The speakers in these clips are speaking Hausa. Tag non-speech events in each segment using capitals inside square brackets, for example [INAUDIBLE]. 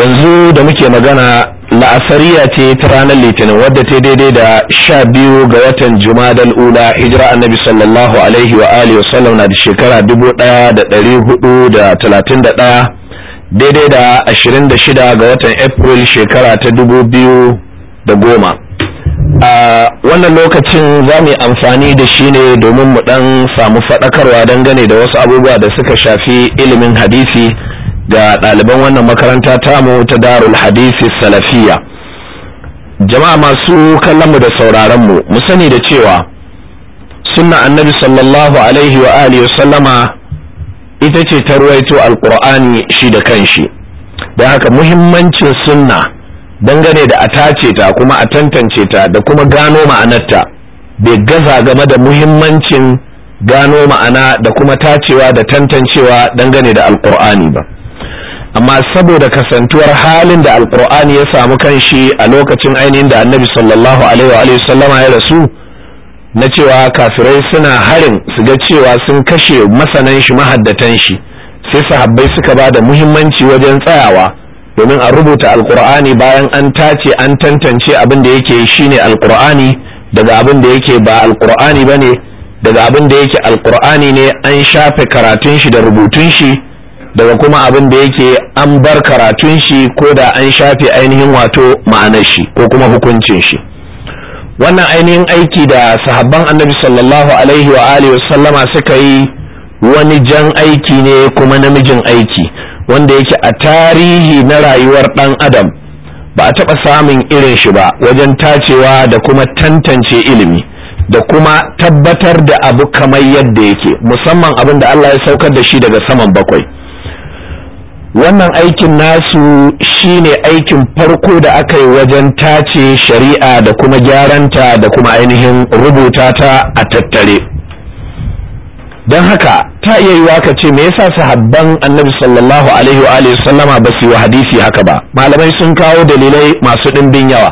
yanzu da muke magana la'asariya ce ta ranar litinin wadda ta daidai da sha biyu ga watan jumadal ula hijira annabi sallallahu alaihi wa alihi wasallam na da shekara dubu daya da dari hudu da talatin da daya daidai da ashirin da shida ga watan april shekara ta dubu biyu da goma a wannan lokacin za mu yi amfani da shi ne domin mu dan samu faɗakarwa dangane da wasu abubuwa da suka shafi ilimin hadisi da ɗaliban wannan makaranta tamu ta darul hadisi salafiya jama'a masu kallon mu da sauraron mu mu sani da cewa sunna annabi sallallahu alaihi wa alihi sallama ita ce ta ruwaito alqur'ani shi da kanshi da haka muhimmancin sunna dangane da a tace ta kuma a tantance ta da kuma gano ma'anarta bai gaza game da muhimmancin gano ma'ana da kuma tacewa da tantancewa dangane da alqur'ani ba amma saboda kasantuwar halin da alkur'ani ya samu kan shi a lokacin ainihin da annabi sallallahu alaihi wa sallama ya rasu na cewa kafirai suna harin su ga cewa sun kashe masanan shi mahaddatan shi sai sahabbai suka ba da muhimmanci wajen tsayawa domin a rubuta alkur'ani bayan an tace an tantance abin da yake shine alkur'ani daga abin da yake ba alkur'ani bane daga abin da yake alkur'ani ne an shafe karatun shi da rubutun shi daga kuma abin da yake an bar karatun shi ko da an shafe ainihin wato ma'anar shi ko kuma hukuncin shi wannan ainihin aiki da sahabban annabi sallallahu alaihi wa alihi sallama suka yi wani jan aiki ne kuma namijin aiki wanda yake a tarihi na rayuwar dan adam ba a taɓa samun irin shi ba wajen tacewa da kuma tantance ilimi da kuma tabbatar da abu kamar yadda yake musamman abin da Allah ya saukar da shi daga saman bakwai wannan aikin nasu shine aikin farko da aka yi wajen tace shari'a da kuma gyaranta da kuma ainihin rubuta ta a tattare don haka ta iya yiwa ka ce me yasa sahabban annabi sallallahu alaihi wa alihi sallama ba su yi wa hadisi haka ba malamai sun kawo dalilai masu ɗimbin yawa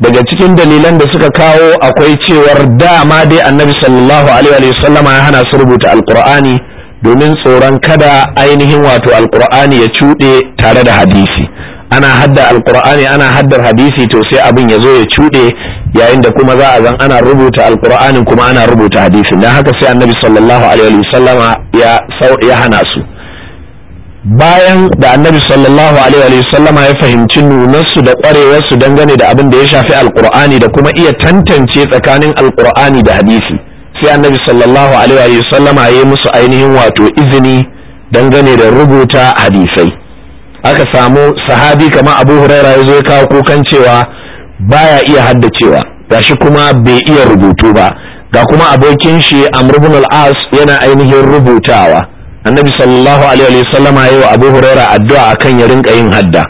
daga cikin dalilan da suka kawo akwai cewar dama dai annabi sallallahu alaihi wa sallama ya hana su rubuta Alkur'ani. domin tsoron kada ainihin wato alkur'ani ya cuɗe tare da hadisi ana hadda alkur'ani ana haddar hadisi to sai abin ya zo ya cuɗe yayin da kuma za a zan ana rubuta alkur'anin kuma ana rubuta hadisi. don haka sai annabi sallallahu alaihi wasallama ya ya hana su bayan da annabi sallallahu alaihi wasallama ya fahimci nunarsu da ƙwarewarsu dangane da abin da ya shafi alkur'ani da kuma iya tantance tsakanin alkur'ani da hadisi sai annabi sallallahu alaihi wa ya yi musu ainihin wato izini dangane da rubuta hadisai aka samu sahabi kama abu huraira ya zo kawo kukan cewa baya iya haddacewa shi kuma bai iya rubutu ba ga kuma abokin shi amr ibn as yana ainihin rubutawa annabi sallallahu alaihi wa ya yi wa abu huraira addu'a akan ya rinka yin hadda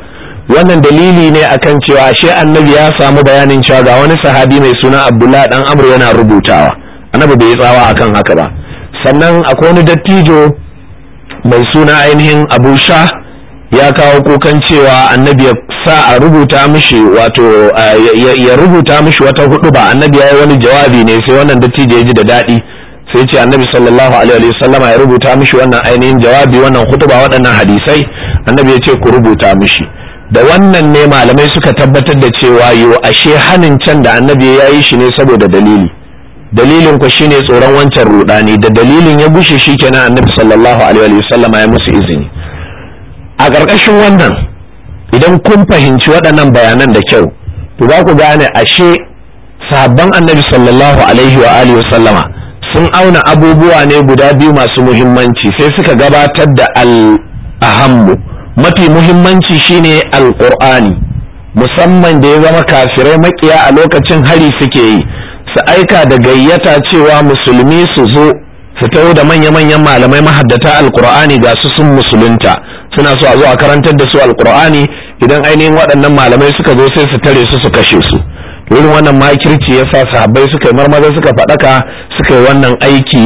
wannan dalili ne akan cewa shi annabi ya samu bayanin cewa ga wani sahabi mai suna abdullah dan amr yana rubutawa annabi bai yi tsawa akan haka ba sannan akwai wani dattijo mai suna ainihin abu sha ya kawo kukan cewa annabi ya sa a rubuta mishi wato ya rubuta mishi wata hudu ba annabi ya yi wani jawabi ne sai wannan dattijo ya ji da daɗi sai ce annabi sallallahu alaihi wasallama ya rubuta mishi wannan ainihin jawabi wannan hutuba waɗannan hadisai annabi ya ce ku rubuta mishi da wannan ne malamai suka tabbatar da cewa yo ashe hanin can da annabi ya yi shi ne saboda dalili dalilin ku shine tsoron wancan rudani da dalilin ya gushe shikenan annabi sallallahu alaihi wasallama ya musu izini a ƙarƙashin wannan idan kun fahimci waɗannan bayanan da kyau to za ku gane ashe sahabban annabi sallallahu alaihi wa alihi wasallama sun auna abubuwa ne guda biyu masu muhimmanci sai suka gabatar da al-ahammu mafi muhimmanci shine alqur'ani musamman da ya zama kafirai makiya a lokacin hari suke yi su aika da gayyata cewa musulmi su zo su taho da manya-manyan malamai mahaddata alkur'ani ga su sun musulunta suna so a zo a karantar da su alkur'ani idan ainihin waɗannan malamai suka zo sai su tare su su kashe su wurin wannan makirci ya sa sahabbai suka yi marmaza suka faɗaka suka yi wannan aiki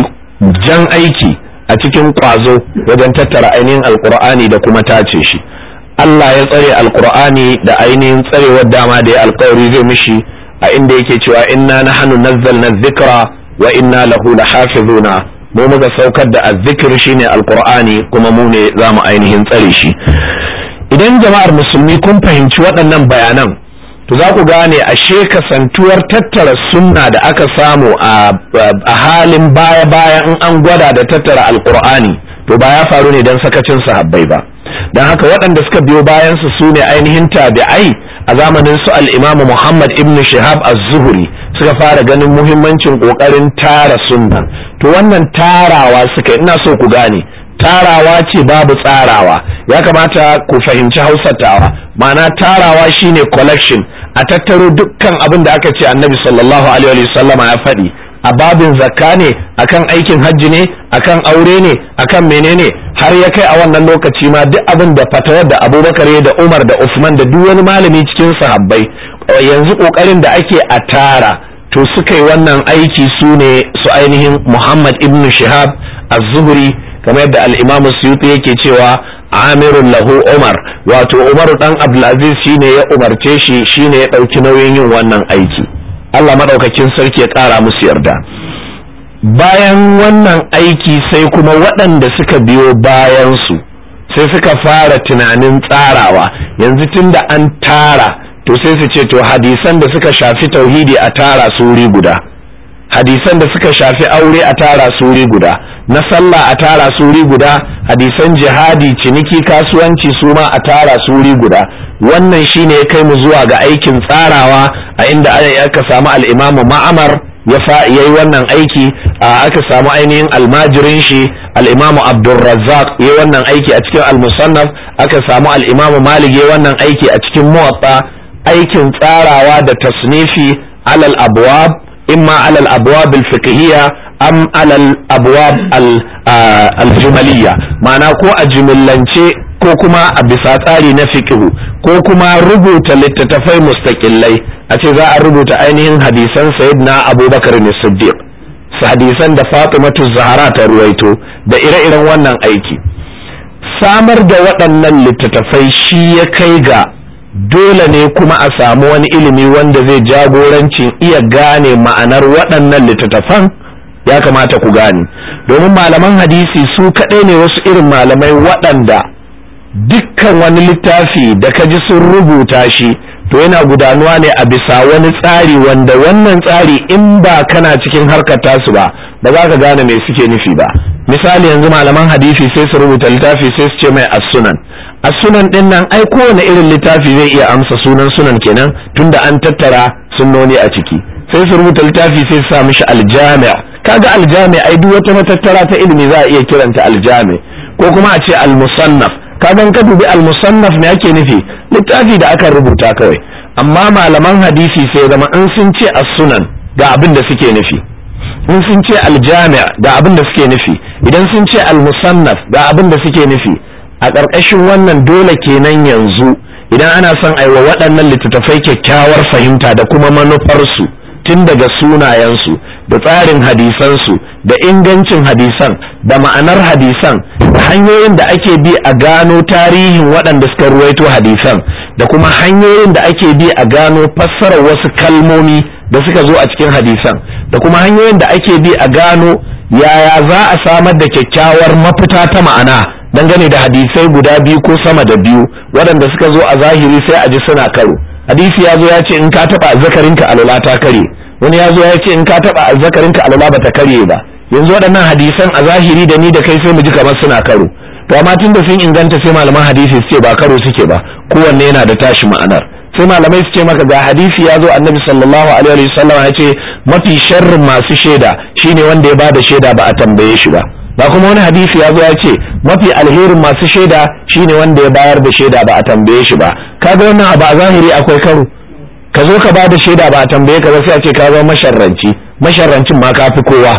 jan aiki a cikin ƙwazo wajen tattara ainihin alkur'ani da kuma tace shi Allah ya tsare alkur'ani da ainihin tsarewar dama da ya alkawari zai mishi a inda yake cewa inna na nahnu nazzalna dhikra wa inna lahu lahafizuna mu muka saukar da azzikir shine alqur'ani kuma mu ne zamu ainihin tsare shi idan jama'ar musulmi kun fahimci waɗannan bayanan to za ku gane ashe kasantuwar tattara sunna da aka samu a halin baya-baya in an gwada da tattara alkur'ani to ba ya faru ne don sakacin sahabbai ba don haka waɗanda suka biyo bayansu su ne ainihin tabi'ai a zamanin su al'imamu Muhammad ibn Shihab az-Zuhri suka fara ganin muhimmancin ƙoƙarin tara sunna to wannan tarawa suka ina so ku gane tarawa ce babu tsarawa ya kamata ku fahimci hausatawa ma'ana tarawa shine collection a tattaro dukkan abin da aka ce annabi sallallahu alaihi wasallama ya faɗi a babin zakka ne akan aikin hajji ne akan aure ne akan menene har ya kai a wannan lokaci ma duk abin da fatawar da abubakar da umar da usman da duk wani malami cikin sahabbai yanzu kokarin da ake a tara to suka yi wannan aiki su ne su ainihin muhammad ibn shihab az-zuhri kamar yadda al-imam suyuti yake cewa amirun lahu umar wato umaru dan abdulaziz shine ya umarce shi shine ya dauki nauyin yin wannan aiki Allah madaukakin sarki ya ƙara musu yarda bayan wannan aiki sai kuma waɗanda suka biyo bayansu sai suka fara tunanin tsarawa yanzu tunda an tara to sai su ce to hadisan da suka shafi tauhidi a tara su wuri guda hadisan da suka shafi aure a tara suri guda na sallah a tara suri guda hadisan jihadi ciniki kasuwanci su ma a tara suri guda wannan shine ya kai mu zuwa ga aikin tsarawa a inda aka samu al'imamu ma'amar ya yi wannan aiki aka samu ainihin almajirin shi al'imamu abdulrazzaq ya wannan aiki a cikin al aka samu al'imamu malik ya wannan aiki a cikin muwatta aikin tsarawa da tasnifi alal abwab imma alal abwab al fiqhiyya am alal abwab al jumaliyya ma'ana ko a jumillance ko kuma a bisa tsari na fikihu ko kuma rubuta littattafai mustaqillai a ce za a rubuta ainihin hadisan said na abubakar ne siddiq hadisan da fatimatu zahra ta ruwaito da ire-iren wannan aiki samar da waɗannan littattafai shi ya kai ga dole ne kuma a samu wani ilimi wanda zai jagorancin iya gane ma'anar waɗannan littattafan ya kamata ku gane domin malaman hadisi su kaɗai ne wasu irin malamai waɗanda dukkan wani littafi da ka ji sun rubuta shi to yana gudanuwa ne a bisa wani tsari wanda wannan tsari in ba kana cikin harkar tasu ba ba za ka gane me suke nufi ba misali yanzu malaman hadisi sai su rubuta littafi sai su ce mai as a sunan din nan ai kowane irin littafi zai iya amsa sunan sunan kenan tunda an tattara sunnoni a ciki sai su rubuta littafi sai su sa mishi aljami'a kaga aljami'a ai duk wata matattara ta ilimi za a iya kiranta aljami ko kuma a ce almusannaf kaga ka dubi almusannaf me ake nufi littafi da aka rubuta kawai amma malaman hadisi sai zama in sun ce as-sunan ga abin da suke nufi in sun ce aljami'a ga abin da suke nufi idan sun ce almusannaf ga abin da suke nufi a ƙarƙashin wannan dole kenan yanzu idan ana son a yi wa waɗannan littattafai kyakkyawar fahimta da kuma manufarsu tun daga sunayensu da tsarin hadisansu da ingancin hadisan da ma'anar hadisan da hanyoyin da ake bi a gano tarihin waɗanda suka ruwaito hadisan da kuma hanyoyin da ake bi a gano fassarar wasu kalmomi da suka zo a cikin hadisan da kuma hanyoyin da ake bi a gano yaya za a samar da kyakkyawar mafita ta ma'ana dangane da hadisai guda biyu ko sama da biyu waɗanda suka zo a zahiri sai a ji suna karo hadisi ya zo ya ce in ka taɓa azzakarinka alwala ta kare wani ya zo ya ce in ka taɓa azzakarinka alwala ba ta kare ba yanzu waɗannan hadisan a zahiri da ni da kai sai mu ji kamar suna karo to amma tun da sun inganta sai malaman hadisi su ce ba karo suke ba kowanne yana da tashi ma'anar sai malamai suke maka ga hadisi ya zo annabi sallallahu alaihi wasallam ya ce mafi sharrin masu shaida shine wanda ya bada shaida ba a tambaye shi ba ba kuma wani hadisi ya zo ya ce mafi alherin masu shaida shine wanda ya bayar da shaida ba a tambaye shi ba kaga wannan abu a zahiri akwai karo ka zo ka bada shaida ba a tambaye ka ba sai a ce ka zo masharranci masharrancin ma ka fi kowa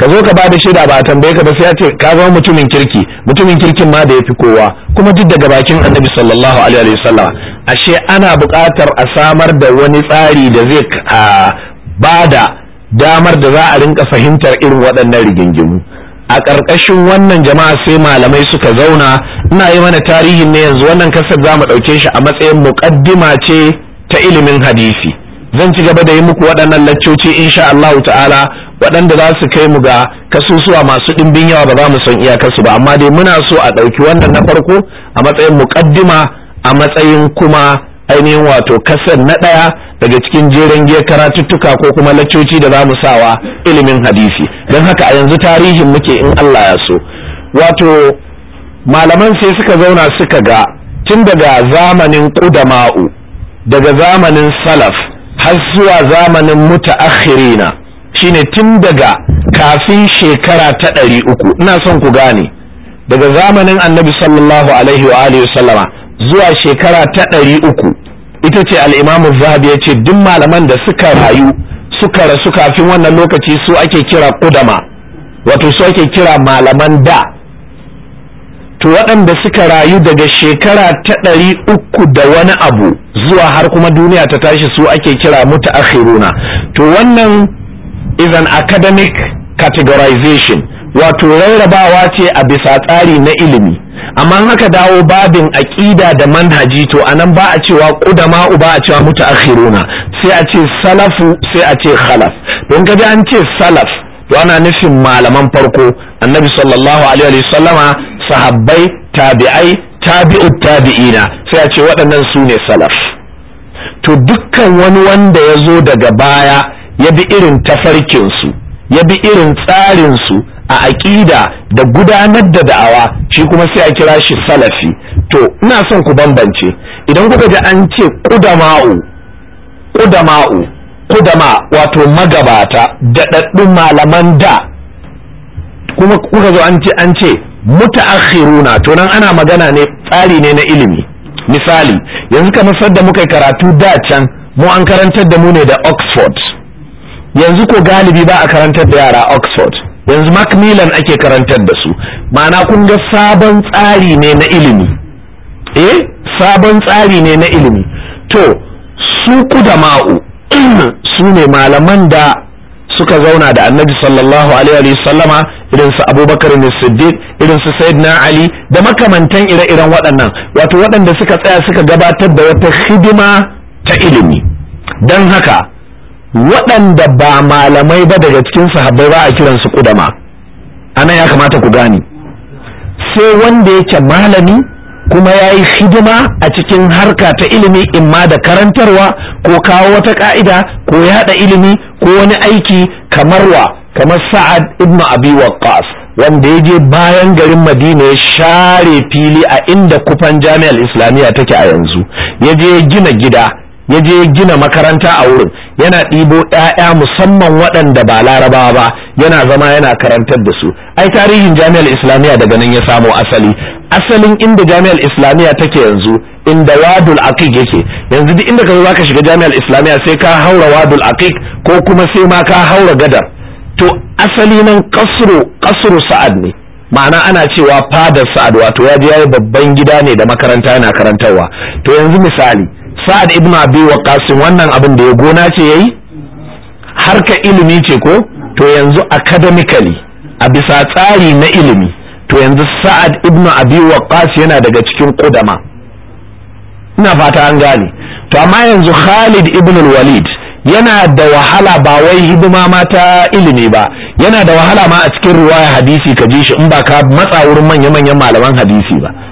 ka zo ka bada shaida ba a tambaye ka ba sai a ce ka zo mutumin kirki mutumin kirkin ma da ya fi kowa kuma duk daga bakin annabi sallallahu alaihi wasallam ashe ana buƙatar a samar da wani tsari da zai bada damar da za a rinka fahimtar irin waɗannan rigingimu a ƙarƙashin wannan jama'a sai malamai suka zauna ina yi mana tarihin ne yanzu wannan kasar za mu ɗauke shi a matsayin muƙaddima ce ta ilimin hadisi zan ci gaba da yi muku waɗannan laccoci insha Allah ta'ala waɗanda za su kai mu ga kasusuwa masu ɗimbin yawa ba za mu san iyakarsu ba amma dai muna so a ɗauki wannan na farko a matsayin muƙaddima a matsayin kuma ainihin wato kasar na ɗaya daga cikin jeren giya karatuttuka ko kuma laccoci da za mu sawa ilimin hadisi don haka a yanzu tarihin muke in Allah ya so wato malaman sai suka zauna suka ga tun daga zamanin ƙudama'u daga zamanin salaf har zuwa zamanin mutaakhirina shine tun daga kafin shekara ta ɗari uku ina son ku gane daga zamanin annabi sallallahu alaihi wa alihi zuwa shekara ta ɗari uku ita ce al’imamun zahabi ya ce duk malaman da suka rayu suka rasu kafin wannan lokaci su ake kira kudama wato su ake kira malaman da to waɗanda suka rayu daga shekara ta ɗari uku da wani abu zuwa har kuma duniya ta tashi su ake kira akhiruna to wannan is an academic categorization wato rarrabawa ce a bisa tsari na ilimi amma haka dawo babin aqida da manhaji to anan ba a cewa qudama ba a cewa mutaakhiruna sai a ce salafu sai a ce khalaf don gaji an ce salaf to ana nufin malaman farko annabi sallallahu alaihi wasallama sahabbai tabi'ai tabi'ut tabi'ina sai a ce waɗannan su ne salaf to dukkan wani wanda ya zo daga baya ya bi irin tafarkinsu ya bi irin tsarinsu a aƙida da gudanar da da'awa shi kuma sai a kira shi salafi to ina son ku bambance idan kuka ji an ce kudama'u kudama'u kudama wato magabata daɗaɗɗun malaman da kuma kuka zo an ce an ce muta'akhiruna to nan ana magana ne tsari ne na ilimi misali yanzu kamar sadda muka karatu da can mu an karantar da mu ne da oxford yanzu ko galibi ba a karantar da yara oxford yanzu macmillan ake karantar da su ma'ana kun ga sabon tsari ne na ilimi eh sabon tsari ne na ilimi to su ma'u [CLEARS THROAT] su ne malaman da suka zauna da annabi sallallahu alaihi sallama irin su abubakar ne siddiq irin su sayyidina ali da makamantan ire-iren waɗannan wato waɗanda suka tsaya suka gabatar da wata hidima ta ilimi don haka waɗanda ba malamai ba daga cikin sahabbai ba a kiransu kudama Ana ya kamata ku gani, sai wanda yake malami kuma ya yi hidima a cikin harka ta ilimi imma da karantarwa ko kawo wata ka'ida ko yada ilimi ko wani aiki kamar wa kamar sa'ad ibnu abi waqqas wanda ya je bayan garin madina ya share fili a inda kufan jami'ar islamiyya take a yanzu ya je gina gida ya je gina makaranta a wurin yana ɗibo ɗaya musamman waɗanda ba larabawa ba yana zama yana karantar da su ai tarihin jami'ar islamiyya daga nan ya samo asali asalin inda jami'ar islamiyya take yanzu inda wadul aqiq yake yanzu duk inda ka zo zaka shiga jami'ar islamiyya sai ka haura wadul aqiq ko kuma sai ma ka haura gadar to asali nan kasru kasru sa'ad ne ma'ana ana cewa fadar sa'ad wato ya je yayi babban gida ne da makaranta yana karantarwa to yanzu misali sa'ad ibn abi waqas wannan abin da ya gona ce yayi harka ilimi ce ko to yanzu academically a bisa tsari na ilimi to yanzu sa'ad ibn abi waqas yana daga cikin ƙudama, ina fata an gane to amma yanzu Khalid ibn walid yana da wahala ba wai hidima ma ilimi ba yana da wahala ma a cikin ruwaya hadisi ka ji shi in ba ka matsa wurin manya-manyan malaman hadisi ba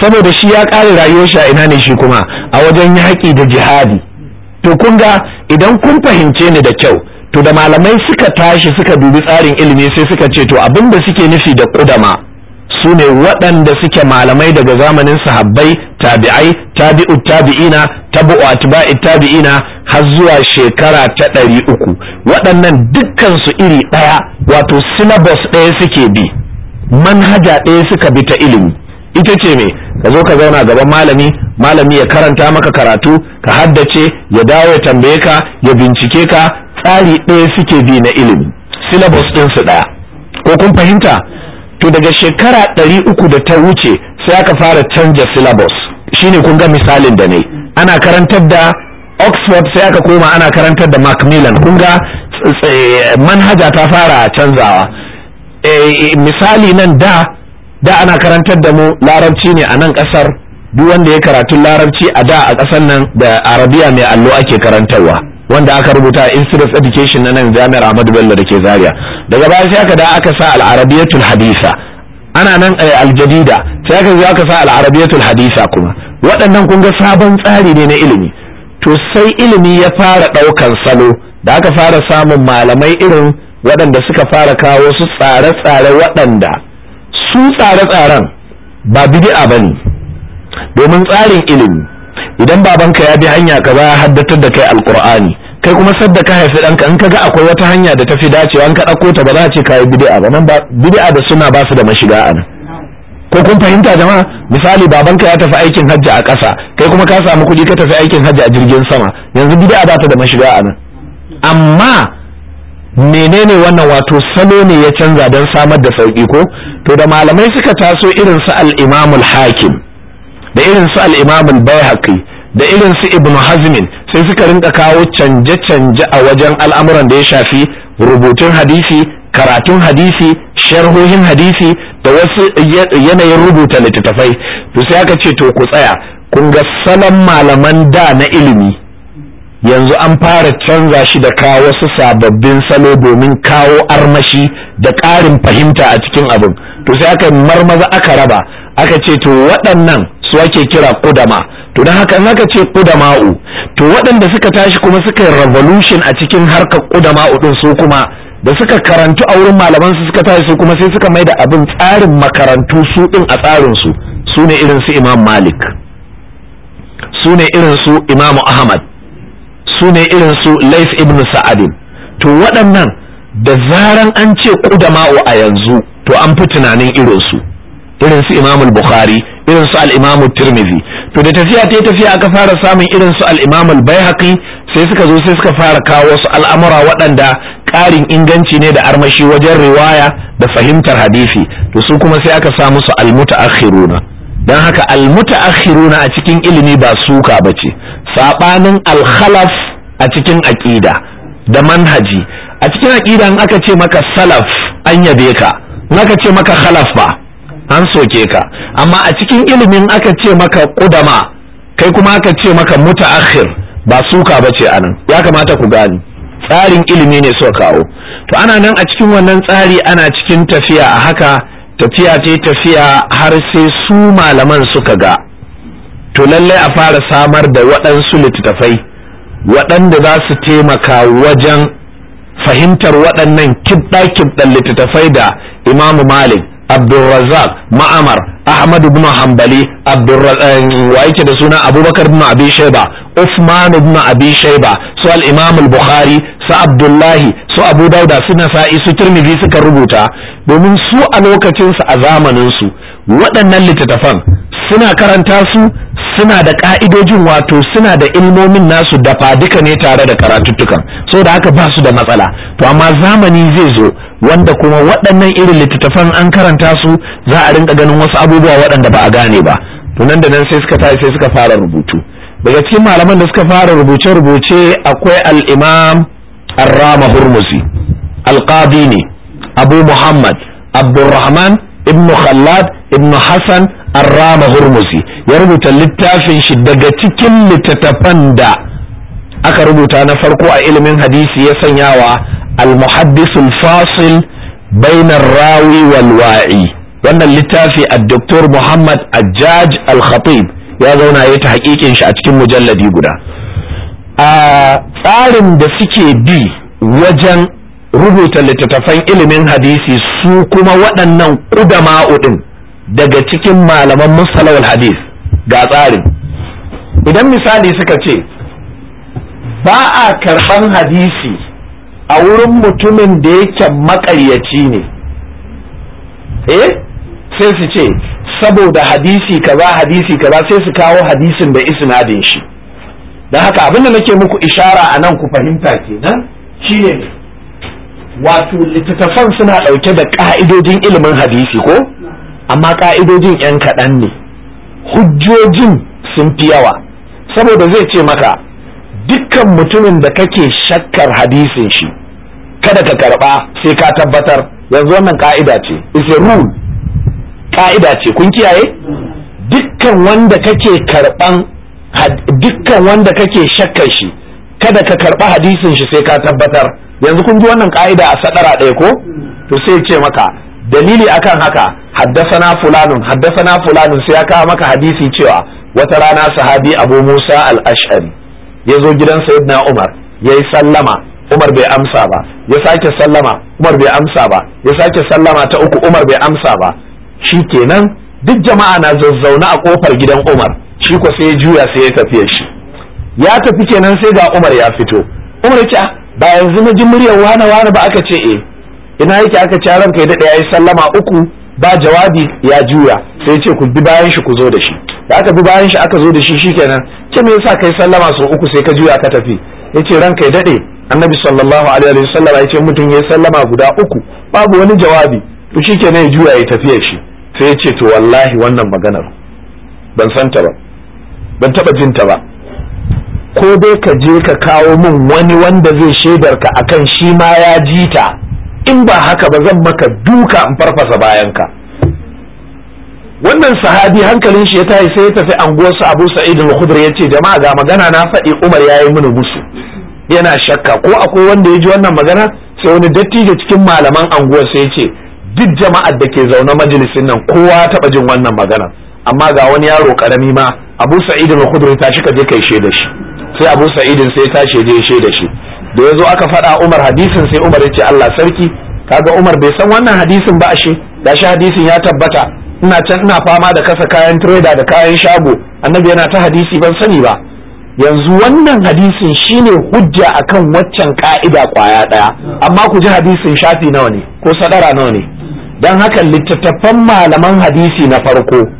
saboda shi ya ƙare rayuwar shi a ina ne shi kuma a wajen yaƙi da jihadi to kun ga idan kun fahimce ni da kyau to da malamai suka tashi suka dubi tsarin ilimi sai suka ce to abin da suke nufi da ƙudama su ne waɗanda suke malamai daga zamanin sahabbai tabi'ai tabi'u tabi'ina tabu'u atba'i tabi'ina har zuwa shekara ta ɗari uku waɗannan dukkan su iri ɗaya wato syllabus ɗaya suke bi manhaja ɗaya suka bi ta ilimi ita ce me ka zo ka zauna gaban malami malami ya karanta maka karatu ka haddace ya dawo ya tambaye ka ya bincike ka tsari ɗaya suke bi na ilimi syllabus su ɗaya ko kun fahimta to daga shekara ɗari uku da ta wuce sai aka fara canja syllabus shine kun ga misalin da ne ana karantar da oxford sai aka koma ana karantar da macmillan kun ga eh, manhaja ta fara canzawa eh, misali nan da da ana karantar da mu larabci ne a nan ƙasar duk wanda ya karatu larabci a da a ƙasar nan da arabiya mai allo ake karantarwa wanda aka rubuta a institute of education na nan jami'ar ahmadu bello da ke zaria daga baya sai aka da aka sa al'arabiyatul hadisa ana nan eh, aljadida sai aka zo aka sa al'arabiyatul hadisa kuma waɗannan kun ga sabon tsari ne na ilimi to sai ilimi ya fara ɗaukan salo da aka fara samun malamai irin waɗanda suka fara kawo su tsare-tsare waɗanda su tsare-tsaren ba bidi'a ba ne domin tsarin ilimi idan babanka ya bi hanya ka ya haddatar da kai alkur'ani kai kuma sadda ka haifi ɗanka in kaga akwai wata hanya da tafi dacewa in ka ɗauko ta ba za a ce kayi bidi'a ba nan ba da suna ba su da mashiga a nan ko kun fahimta jama'a misali babanka ya tafi aikin hajji a ƙasa kai kuma ka samu kuɗi ka tafi aikin hajji a jirgin sama yanzu bid'a ba ta da mashiga a nan amma menene wannan wato salo ne ya canza don samar da sauki ko to da malamai suka taso irin su al al hakim da irin su al al-baihaqi da irin su ibn hazmin sai suka rinka kawo canje-canje a wajen al'amuran da ya shafi rubutun hadisi karatun hadisi sharhohin hadisi da wasu yanayin rubuta littattafai to sai aka ce to ku tsaya kun ga salon malaman da na ilimi yanzu an fara canza shi da kawo wasu sababbin salo domin kawo armashi da ƙarin fahimta a cikin abin to sai aka marmaza aka raba aka ce to waɗannan su ake kira kudama to don haka aka ce kudama'u to waɗanda suka tashi kuma suka yi revolution a cikin harkar kudama'u ɗin, su kuma da suka karantu a wurin malaman su suka tashi su kuma sai suka mai da abin tsarin makarantu su ɗin a tsarin su su ne irin su imam malik su ne irin su Imam ahmad su ne irin su Laif ibn Sa'adin to waɗannan da zaran an ce ƙudama'u a yanzu to an fi tunanin irin su irin su Imam Bukhari irin su al Tirmidhi to da tafiya ta tafiya aka fara samun irin su al-Imam sai suka zo sai suka fara kawo wasu al'amura waɗanda ƙarin inganci ne da armashi wajen riwaya da fahimtar hadisi to su kuma sai aka sa musu al-mutaakhiruna dan haka al-mutaakhiruna a cikin ilimi ba suka bace sabanin al-khalaf a cikin aƙida da manhaji a cikin aƙida in aka ce maka salaf an yabe ka in aka ce maka khalaf ba an soke ka amma a cikin ilimin aka ce maka ƙudama kai kuma aka ce maka muta'akhir ba suka ba ce anan ya kamata ku gani tsarin ilimi ne so kawo to ana nan a cikin wannan tsari ana cikin tafiya a haka tafiya ce tafiya har sai su malaman suka ga to lallai a fara samar da waɗansu littattafai waɗanda za su taimaka wajen fahimtar waɗannan kibɗa-kibɗan littattafai da imamu malik abdulrazak ma'amar ahmad ibn hanbali eh, wa yake da suna abubakar ibn abi shaiba usman ibn abi shaiba su al-imam al-bukhari su abdullahi su abu dauda su nasa'i su tirmidhi suka rubuta domin su a lokacinsu a zamaninsu waɗannan littattafan suna karanta su suna da ƙa'idojin wato suna da ilmomin nasu dafa duka ne tare da karatuttukan so da haka ba su da matsala to amma zamani zai zo wanda kuma waɗannan irin littattafan an karanta su za a rinka ganin wasu abubuwa waɗanda ba a gane ba to nan da nan sai suka tashi sai suka fara rubutu daga cikin malaman da suka fara rubuce-rubuce akwai al-imam ar-rama hurmusi al-qadi ne abu muhammad abdurrahman ibnu khallad ibnu hassan arrama hurmusi ya rubuta littafin shi daga cikin littattafan da aka rubuta na farko a ilimin hadisi ya sanyawa al-muhaddis al-fasil rawi wal wa'i wannan littafi a doktor muhammad ajaj al-khatib ya zauna ya ta hakikin shi a cikin mujalladi guda a tsarin da suke bi wajen rubuta littattafan ilimin hadisi su kuma waɗannan kudama ɗin daga cikin malaman musalawar hadis ga tsarin idan misali suka ce ba a karɓan hadisi a wurin mutumin da yake makaryaci ne eh sai su ce saboda hadisi kaza hadisi kaza sai su kawo hadisin da isnadin shi don haka abinda nake muku ishara a nan ku fahimta kenan shine ne wato littattafan suna ɗauke da ƙa'idojin ilimin hadisi ko amma ƙa'idojin 'yan kaɗan ne hujjojin sun fi yawa saboda zai ce maka dukkan mutumin da kake shakkar hadisin shi kada ka karɓa sai ka tabbatar yanzu wannan ƙa'ida ce is a rule ƙa'ida ce kun kiyaye dukkan wanda kake karɓan dukkan wanda kake shakkar shi kada ka karɓa hadisin shi sai ka tabbatar yanzu kun ji wannan ka'ida a sadara ɗaya ko to sai ce maka dalili akan haka haddasa haddasana fulanun na fulanun sai ya kawo maka hadisi cewa wata rana sahabi abu musa al-ash'ari ya zo gidan sayyidina umar ya yi sallama umar bai amsa ba ya sake sallama umar bai amsa ba ya sake sallama ta uku umar bai amsa ba shi kenan duk jama'a na zazzauna a kofar gidan umar shi ko sai ya juya sai ya tafiya shi ya tafi kenan sai ga umar ya fito umar ya ah, ba yanzu na ji muryar wane wane ba aka ce e ina yake aka ce ran kai daɗe ya yi sallama uku ba jawabi ya juya sai ce ku bi bayan shi ku zo da shi da aka bi bayan shi aka zo da shi shikenan Ke me yasa kai sallama sau uku sai ka juya ka tafi yace ran kai daɗe annabi sallallahu alaihi wasallam ya ce mutum ya sallama guda uku babu wani jawabi to shikenan ya juya ya tafi shi sai ya ce to wallahi wannan maganar ban santa ba ban taba ta ba ko dai ka je ka kawo min wani wanda zai shaidar ka akan shi ma ya ji ta in ba haka ba zan maka duka in farfasa bayan ka wannan sahabi hankalin shi ya tayi sai ya tafi anguwarsa Abu Sa'id al-Khudri yace jama'a ga magana na faɗi Umar yayi mini musu yana shakka ko akwai wanda ya ji wannan magana sai wani dattijo cikin malaman anguwar sai yace duk jama'ar da ke zaune majalisin nan kowa taɓa jin wannan magana amma ga wani yaro karami ma abu sa'id al-khudri ta shi ka je kai da shi sai abu sa'idin sai tashi je she da shi da yazo aka faɗa umar hadisin sai umar ya ce Allah sarki kaga umar bai san wannan hadisin ba ashe shi hadisin ya tabbata ina can ina fama da kasa kayan trader da kayan shago annabi yana ta hadisi ban sani ba yanzu wannan hadisin shine hujja akan waccan ka'ida kwaya daya amma ku ji hadisin shafi nawa ne ko sadara nawa ne dan haka littattafan malaman hadisi na farko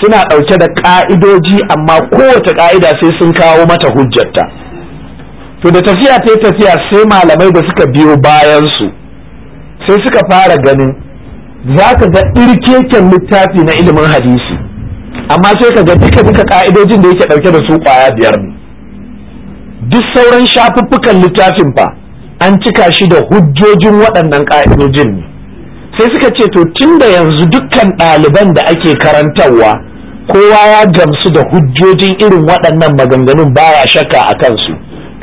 suna ɗauke da ƙa'idoji amma kowace ƙa'ida sai sun kawo mata hujjarta to da tafiya ta tafiya sai malamai da suka biyo bayansu sai suka fara ganin za ka ga irkeken littafi na ilimin hadisi amma sai ka ga duka duka ƙa'idojin da yake ɗauke da su ƙwaya biyar ne duk sauran shafuffukan littafin fa an cika shi da hujjojin waɗannan ƙa'idojin ne sai suka ce to tun da yanzu dukkan ɗaliban da ake karantarwa kowa ya gamsu da hujjojin irin waɗannan maganganun baya shakka a kansu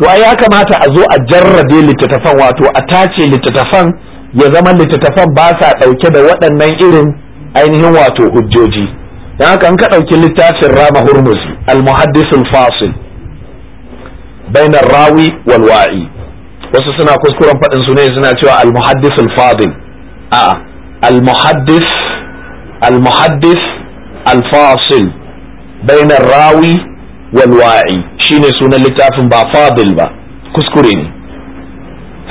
to ai ya kamata a zo a jarrabe littattafan wato a tace littattafan ya zama littattafan ba sa ɗauke da waɗannan irin ainihin wato hujjoji don haka an ka ɗauki littafin rama hurmus al fasil bainar rawi walwa'i. wasu suna kuskuren faɗin su ne suna cewa almuhaddisul fadil a'a ah, al-muhaddis al-muhaddis al-fasil rawi wal wa'i shine sunan littafin ba fadil ba kuskure ne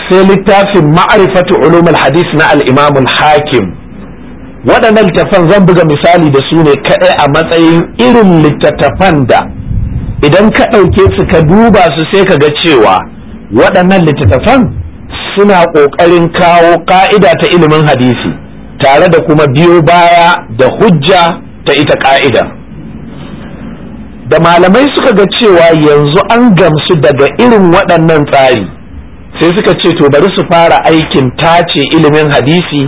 sai littafin ma'arifatu ulum hadis na al-imam hakim waɗannan littattafan zan buga misali da su ne kaɗai a matsayin irin littattafan da idan ka ɗauke su ka duba su sai ka ga cewa waɗannan littattafan suna ƙoƙarin kawo ƙa'ida ta ilimin hadisi tare da kuma biyo baya da hujja ta ita ƙa'ida da malamai suka ga cewa yanzu an gamsu daga irin waɗannan tsari sai suka ce to bari su fara aikin tace ilimin hadisi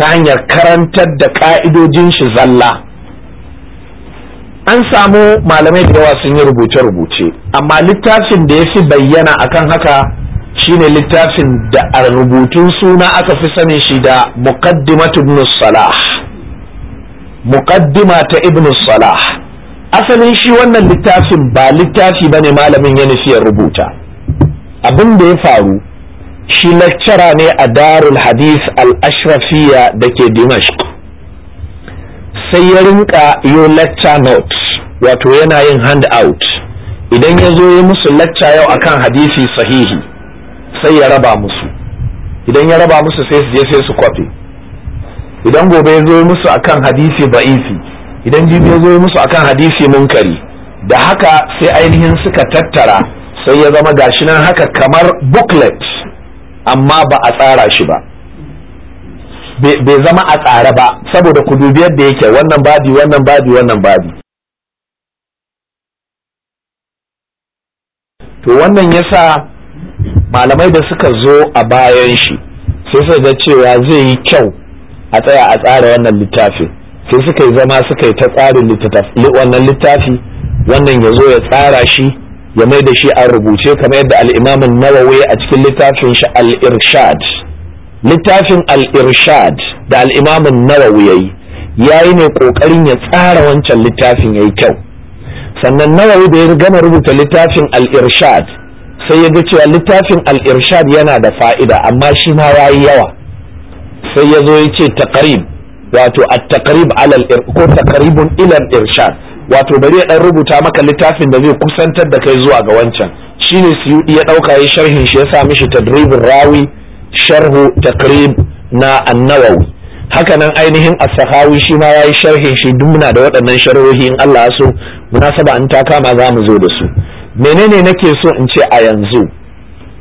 ta hanyar karantar da ƙa'idojin shi zalla an samu malamai da yawa sun yi rubuce-rubuce amma littafin da ya fi bayyana akan haka shine littafin da a rubutun suna aka fi sanin shi da muqaddimatu ibn salah muqaddima ta ibn salah asalin shi wannan littafin ba littafi bane malamin ya nufi ya rubuta abin da ya faru shi lakcara ne a darul Hadis al-ashrafiya da ke dimashq sai ya rinka yo lecture notes wato yana yin hand out idan ya zo ya musu lecture yau akan hadisi sahihi sai ya raba musu idan ya raba musu sai su je sai su kwafe idan gobe ya zo musu akan hadisi ba'ifi idan jibi ya zo musu akan hadisi munkari da haka sai ainihin suka tattara sai ya zama gashi nan haka kamar booklet amma ba a tsara shi ba bai zama a tsara ba saboda ku dubi yadda yake wannan babi wannan babi wannan babi to wannan yasa malamai da suka zo a bayan shi sai suka ga cewa zai yi kyau a tsaya a tsara wannan littafin sai suka yi zama suka yi ta tsarin wannan littafi wannan ya zo ya tsara shi ya mai da shi an rubuce kamar yadda al'imamin nawawi a cikin littafin shi al-irshad littafin al-irshad da al'imamin nawawi ya yi ya yi ne ƙoƙarin ya tsara wancan littafin ya yi kyau sannan nawawi da ya gama rubuta littafin al-irshad sai ya ga cewa littafin al-irshad yana da fa'ida amma shi ma yayi yawa sai ya zo ya ce taqrib wato at-taqrib ala ko taqribun ila al-irshad wato bari ya dan rubuta maka littafin da zai kusantar da kai zuwa ga wancan shine suyudi ya dauka yi sharhin shi ya sa mishi tadribur rawi sharhu taqrib na an-nawawi haka nan ainihin as-sahawi shi ma yayi sharhin shi duk muna da waɗannan sharhohi in Allah ya so munasaba an ta kama za mu zo da su menene nake so in ce a yanzu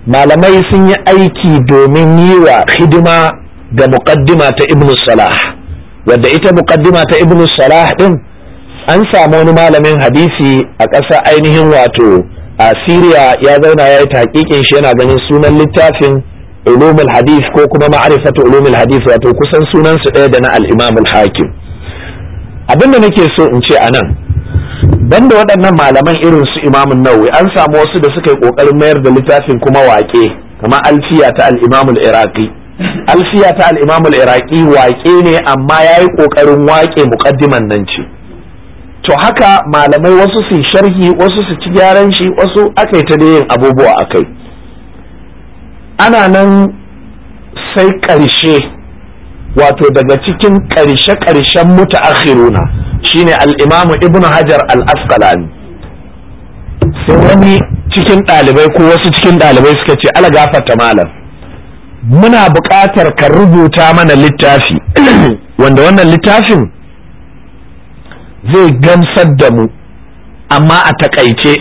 malamai sun yi aiki domin yi wa hidima da muqaddima ta Ibn salah wadda ita muqaddima ta Ibn salah din an samu wani malamin hadisi a ƙasa ainihin wato a ya zauna ya yi taƙiƙin shi yana ganin sunan littafin ulumul hadith ko kuma ma'arifatu ulumul hadith wato kusan sunan su ɗaya da na al-imam al-hakim abin da nake so in ce a nan banda waɗannan malaman irin su imamun nawawi an samu wasu da suka yi ƙoƙarin mayar da littafin kuma waƙe kamar alfiya ta al Iraki. iraqi alfiya ta al'imamul Iraki waƙe ne amma ya yi ƙoƙarin waƙe muƙaddiman nan ce to haka malamai wasu su sharhi wasu su ci gyaran shi wasu aka ta dayin yin abubuwa kai. ana nan sai ƙarshe wato daga cikin ƙarshe-ƙarshen mutaakhiruna shine al ibn hajar al-asqalani sai wani cikin ɗalibai ko wasu cikin ɗalibai suka ce ala gafarta malam muna buƙatar ka rubuta mana littafi [CLEARS THROAT] wanda wannan littafin zai gamsar da mu amma a takaice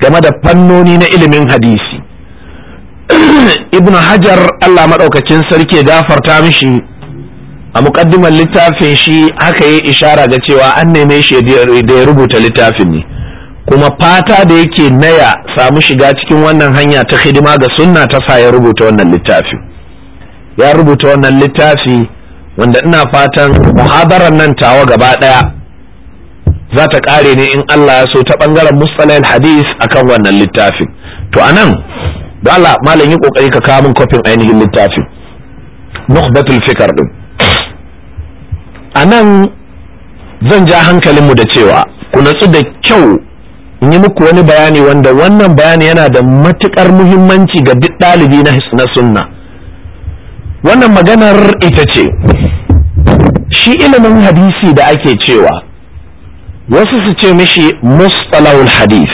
game da fannoni na ilimin hadisi [CLEARS THROAT] ibn hajar allah maɗaukacin sarki gafarta mishi a muƙaddimar littafin shi haka yi ishara ga cewa an neme shi da ya rubuta littafin ne kuma fata da yake naya samu shiga cikin wannan hanya ta hidima ga sunna ta sa ya rubuta wannan littafi ya rubuta wannan littafi wanda ina fatan muhabarar nan tawa gaba daya za ta kare ne in Allah ya so ta bangaren mustalahil hadis akan wannan littafin to anan da Allah malam yi kokari ka kawo min kofin ainihin littafin nukhbatul fikr din a nan zan ja hankalinmu da cewa ku natsu da kyau in yi muku wani bayani wanda wannan bayani yana da matukar muhimmanci ga duk ɗalibi na sunna wannan maganar ita ce shi ilimin hadisi da ake cewa wasu su ce mishi mustalahul hadis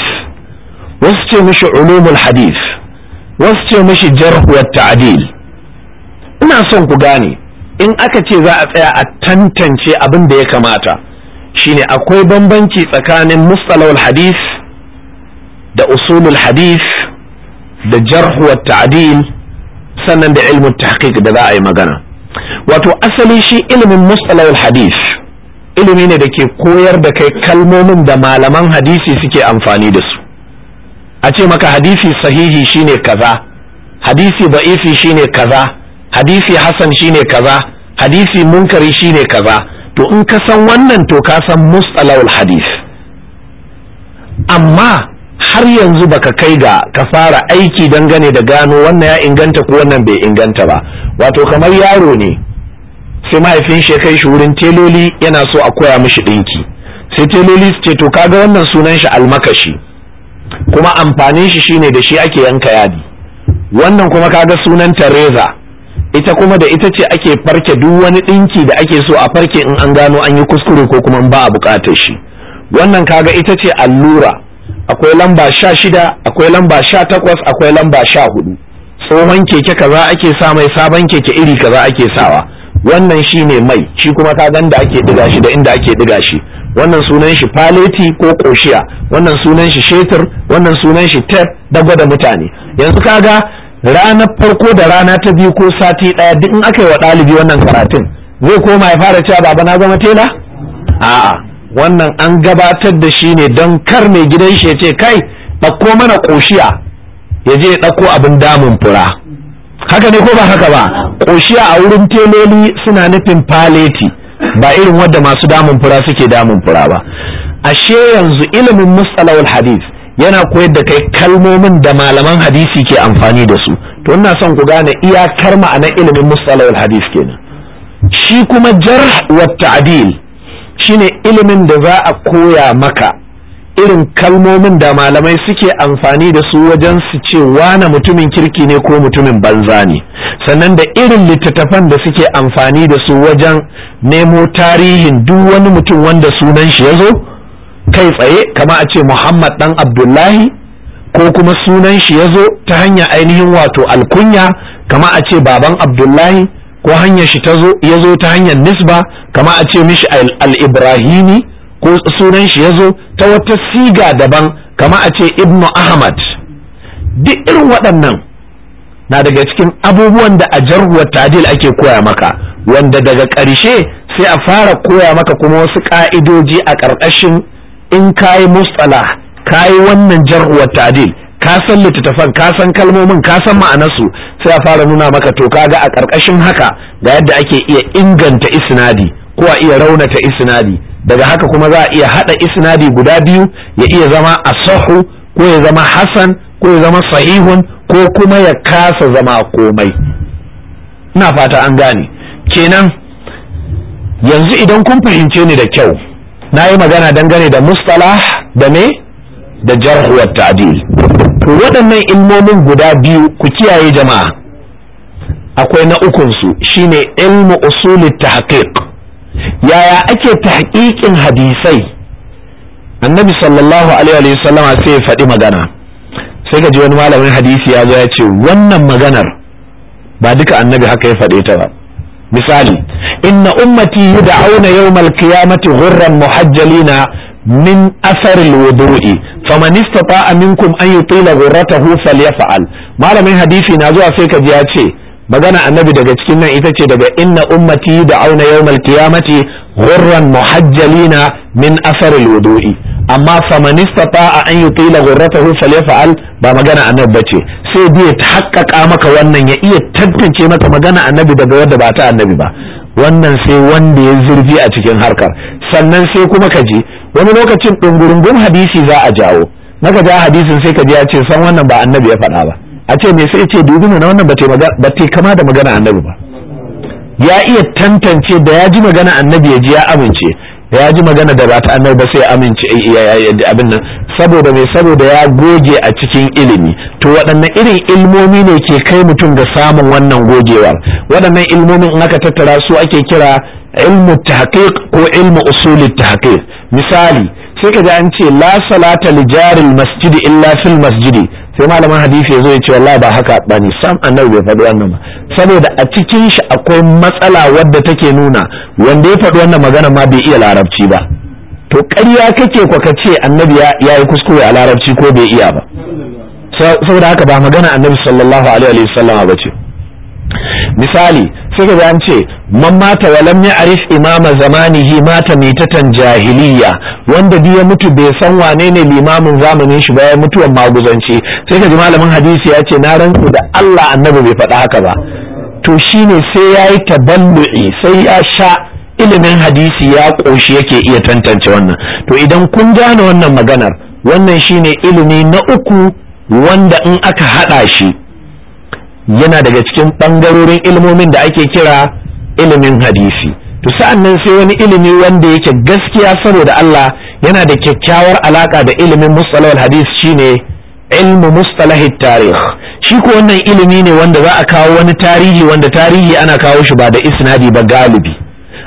wasu ce mishi ulumul hadis wasu ce mishi jarhuwar ta'adil ina son ku gane in aka ce za a tsaya a tantance abin da ya kamata shine akwai bambanci tsakanin mustalawul hadis da usulul hadis da jarhuwar wa sannan da ilmin tahqiq da za a yi magana wato asali shi ilimin mustalawul hadis ilimi ne da ke koyar da kai kalmomin da malaman hadisi suke amfani da su a ce maka hadisi sahihi shine kaza hadisi da'ifi shine kaza hadisi hasan shine kaza hadisi munkari shine kaza to in ka san wannan to ka san mustalawul hadis amma har yanzu baka kai ga ka fara aiki gane da gano wannan ya inganta ko wannan bai inganta ba wato kamar yaro ne sai mahaifin shi kai shi wurin teloli yana so a koya mishi dinki sai teloli su ce to kaga wannan sunan shi almakashi kuma amfanin shi shine da shi ake yanka yadi wannan kuma kaga sunan tareza ita kuma da ita ce ake farke duk wani ɗinki da ake so a farke in an gano an yi kuskure ko kuma ba a buƙatar shi wannan kaga ita ce allura akwai lamba sha shida akwai lamba sha takwas akwai lamba sha hudu tsohon keke kaza ake sa mai sabon keke iri kaza ake sawa wannan shi ne mai shi kuma ka da ake diga shi da inda ake diga shi wannan sunan shi paleti ko koshiya wannan sunan shi shetir wannan sunan shi tef da gwada mutane yanzu kaga ranar farko da rana ta biyu ko sati ɗaya duk in aka yi wa ɗalibi wannan karatun zai koma ya fara cewa baba na zama tela a'a wannan an gabatar da shi ne don kar mai gidan shi ya ce kai ɗauko mana ƙoshiya ya je ya ɗauko abin damun fura haka ne ko ba haka ba ƙoshiya a wurin teloli suna nufin paleti ba irin wadda masu damun fura suke damun fura ba ashe yanzu ilimin mustalawul hadith yana koyar da kai kalmomin da malaman hadisi ke amfani da su to ina son ku gane iyakar ma'anar ilimin mustalahul hadis kenan shi kuma jarh wa ta'dil shine ilimin da za a koya maka irin kalmomin da malamai suke amfani da su wajen su ce wane mutumin kirki ne ko mutumin banza ne sannan da irin littattafan da suke amfani da su wajen nemo tarihin duk wani mutum wanda sunan shi ya zo kai tsaye kama a ce muhammad dan abdullahi ko kuma sunan shi ya zo ta hanyar ainihin wato alkunya kama a ce baban abdullahi ko hanyar shi ya zo ta hanyar nisba kama a ce mishi al-ibrahimi ko sunan shi ya zo ta wata siga daban kama a ce ibnu ahmad duk irin waɗannan na daga cikin abubuwan da a jarhuwar tadil ake koya maka wanda daga ƙarshe sai a fara koya maka kuma wasu ƙa'idoji a ƙarƙashin in kayi mustala kayi wannan jar'uwar ta'dil ka san littattafan ka san kalmomin ka san ma'anarsu sai a fara nuna maka to kaga a ƙarƙashin haka ga yadda ake iya inganta isnadi ko a iya raunata isnadi daga haka kuma za a iya haɗa isnadi guda biyu ya iya zama asahu ko ya zama hasan ko ya zama sahihun ko kuma ya kasa zama komai ina fata an gane kenan yanzu idan kun fahimce ni da kyau na yi magana dangane da mustalah da me da jarhuwar ta'adil to waɗannan ilmomin guda biyu ku kiyaye jama'a akwai na ukunsu su shine ilmu usulit tahqiq yaya ake tahqiqin hadisai annabi sallallahu alaihi wa sallam sai ya faɗi magana sai ka wani malamin hadisi ya zo ya ce wannan maganar ba duka annabi haka ya faɗe ta ba misali inna ummati yud'auna yawmal qiyamati ghurran muhajjalina min asaril wudu'i faman istata'a minkum an yutila ghurratahu falyaf'al malamin hadisi na zuwa sai ka ji ya ce magana annabi daga cikin nan ita ce daga inna ummati yud'auna yawmal qiyamati ghurran muhajjalina min asaril wudu'i amma famanista ta a an yi ƙila gurratahu fal ba magana annabi bace sai dai ta haƙƙaƙa maka wannan ya iya tantance maka magana annabi daga wanda ba ta annabi ba wannan sai wanda ya zurfi a cikin harkar sannan sai kuma ka je wani lokacin ɗungurungun hadisi za a jawo naka ja hadisin sai ka je ya ce san wannan ba annabi ya faɗa ba a ce me sai ce dubi na wannan ba ta kama da magana annabi ba ya iya tantance da ya ji magana annabi ya ji ya amince ya ji magana da ba ta annabi ba sai amince abin nan saboda mai saboda ya goge a cikin ilimi to waɗannan irin ilmomi ne ke kai mutum ga samun wannan gogewar waɗannan ilmomin in aka tattara su ake kira ilmu tahqiq ko ilmu usuli tahqiq misali sai ka ji an ce la salata li jaril masjidi illa fil masjidi sai malaman hadisi ya zo ya ce wallahi ba haka ba ne sam annabi bai faɗi wannan ba saboda a cikin shi akwai matsala wadda take nuna wanda ya faɗi wannan magana ma bai iya larabci ba to ƙarya kake kwa ka ce annabi ya yi kuskure a larabci ko bai iya ba saboda haka ba magana annabi sallallahu alaihi wasallam ba ce misali sai ka an ce man mata walam ya arif imama zamanihi mata mitatan jahiliya wanda bi ya mutu bai san wane ne limamin zamanin shi ba ya mutuwan maguzanci sai ka ji malamin hadisi ya ce na rantsu da Allah annabi bai faɗa haka ba to shine sai yayi yi taballu'i sai ya sha ilimin hadisi ya koshi yake iya tantance wannan to idan kun gane wannan maganar wannan shine ilimi na uku wanda in aka hada shi yana daga cikin ɓangarorin ilmomin da ake kira ilimin hadisi to sa'annan sai wani ilimi wanda yake gaskiya saboda Allah yana da kyakkyawar alaka da ilimin mustalahul hadis shine ilmu mustalahit tarih shi ko wannan ilimi ne wanda za a kawo wani tarihi wanda tarihi ana kawo shi ba da isnadi ba galibi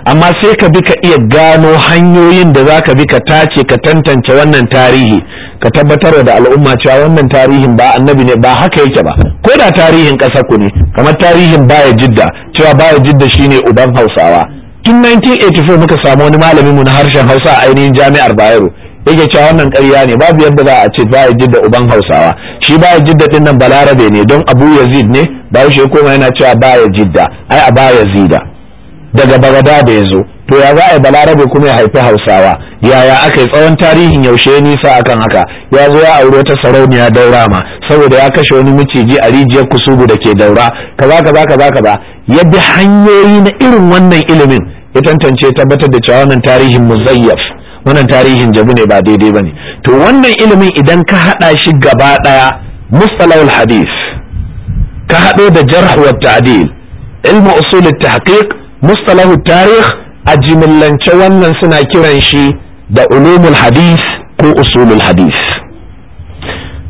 amma sai ka bi ka iya gano hanyoyin da za ka bi ka tace ka tantance wannan tarihi ka tabbatar da al'umma cewa wannan tarihin ba annabi ne ba haka yake ba ko da tarihin ƙasar ku ne kamar tarihin baya jidda cewa baya jidda shine uban hausawa tun 1984 muka samu wani malamin mu na harshen hausa a ainihin jami'ar bayero yake cewa wannan ƙarya ne babu yadda za a ce baya jidda uban hausawa shi baya jidda din nan balarabe ne don abu yazid ne ba shi koma yana cewa baya jidda ai a baya zida daga bagada da ya zo to ya za a yi balarabe kuma ya haifi hausawa yaya aka yi tsawon tarihin yaushe nisa akan haka ya zo ya auri wata sarauniya daurama saboda ya kashe wani miciji a rijiyar kusugu da ke daura kaza kaza kaza kaza ya bi hanyoyi na irin wannan ilimin ya tantance tabbatar da cewa wannan tarihin muzayyaf wannan tarihin jabu ne ba daidai ba ne. to wannan ilimin idan ka haɗa shi gaba ɗaya, mustalahul hadith ka haɗo da jarh wa ta'dil ilmu usul at mustalahu tarih a jimillance wannan suna kiran shi da ulumul hadis ko usulul hadis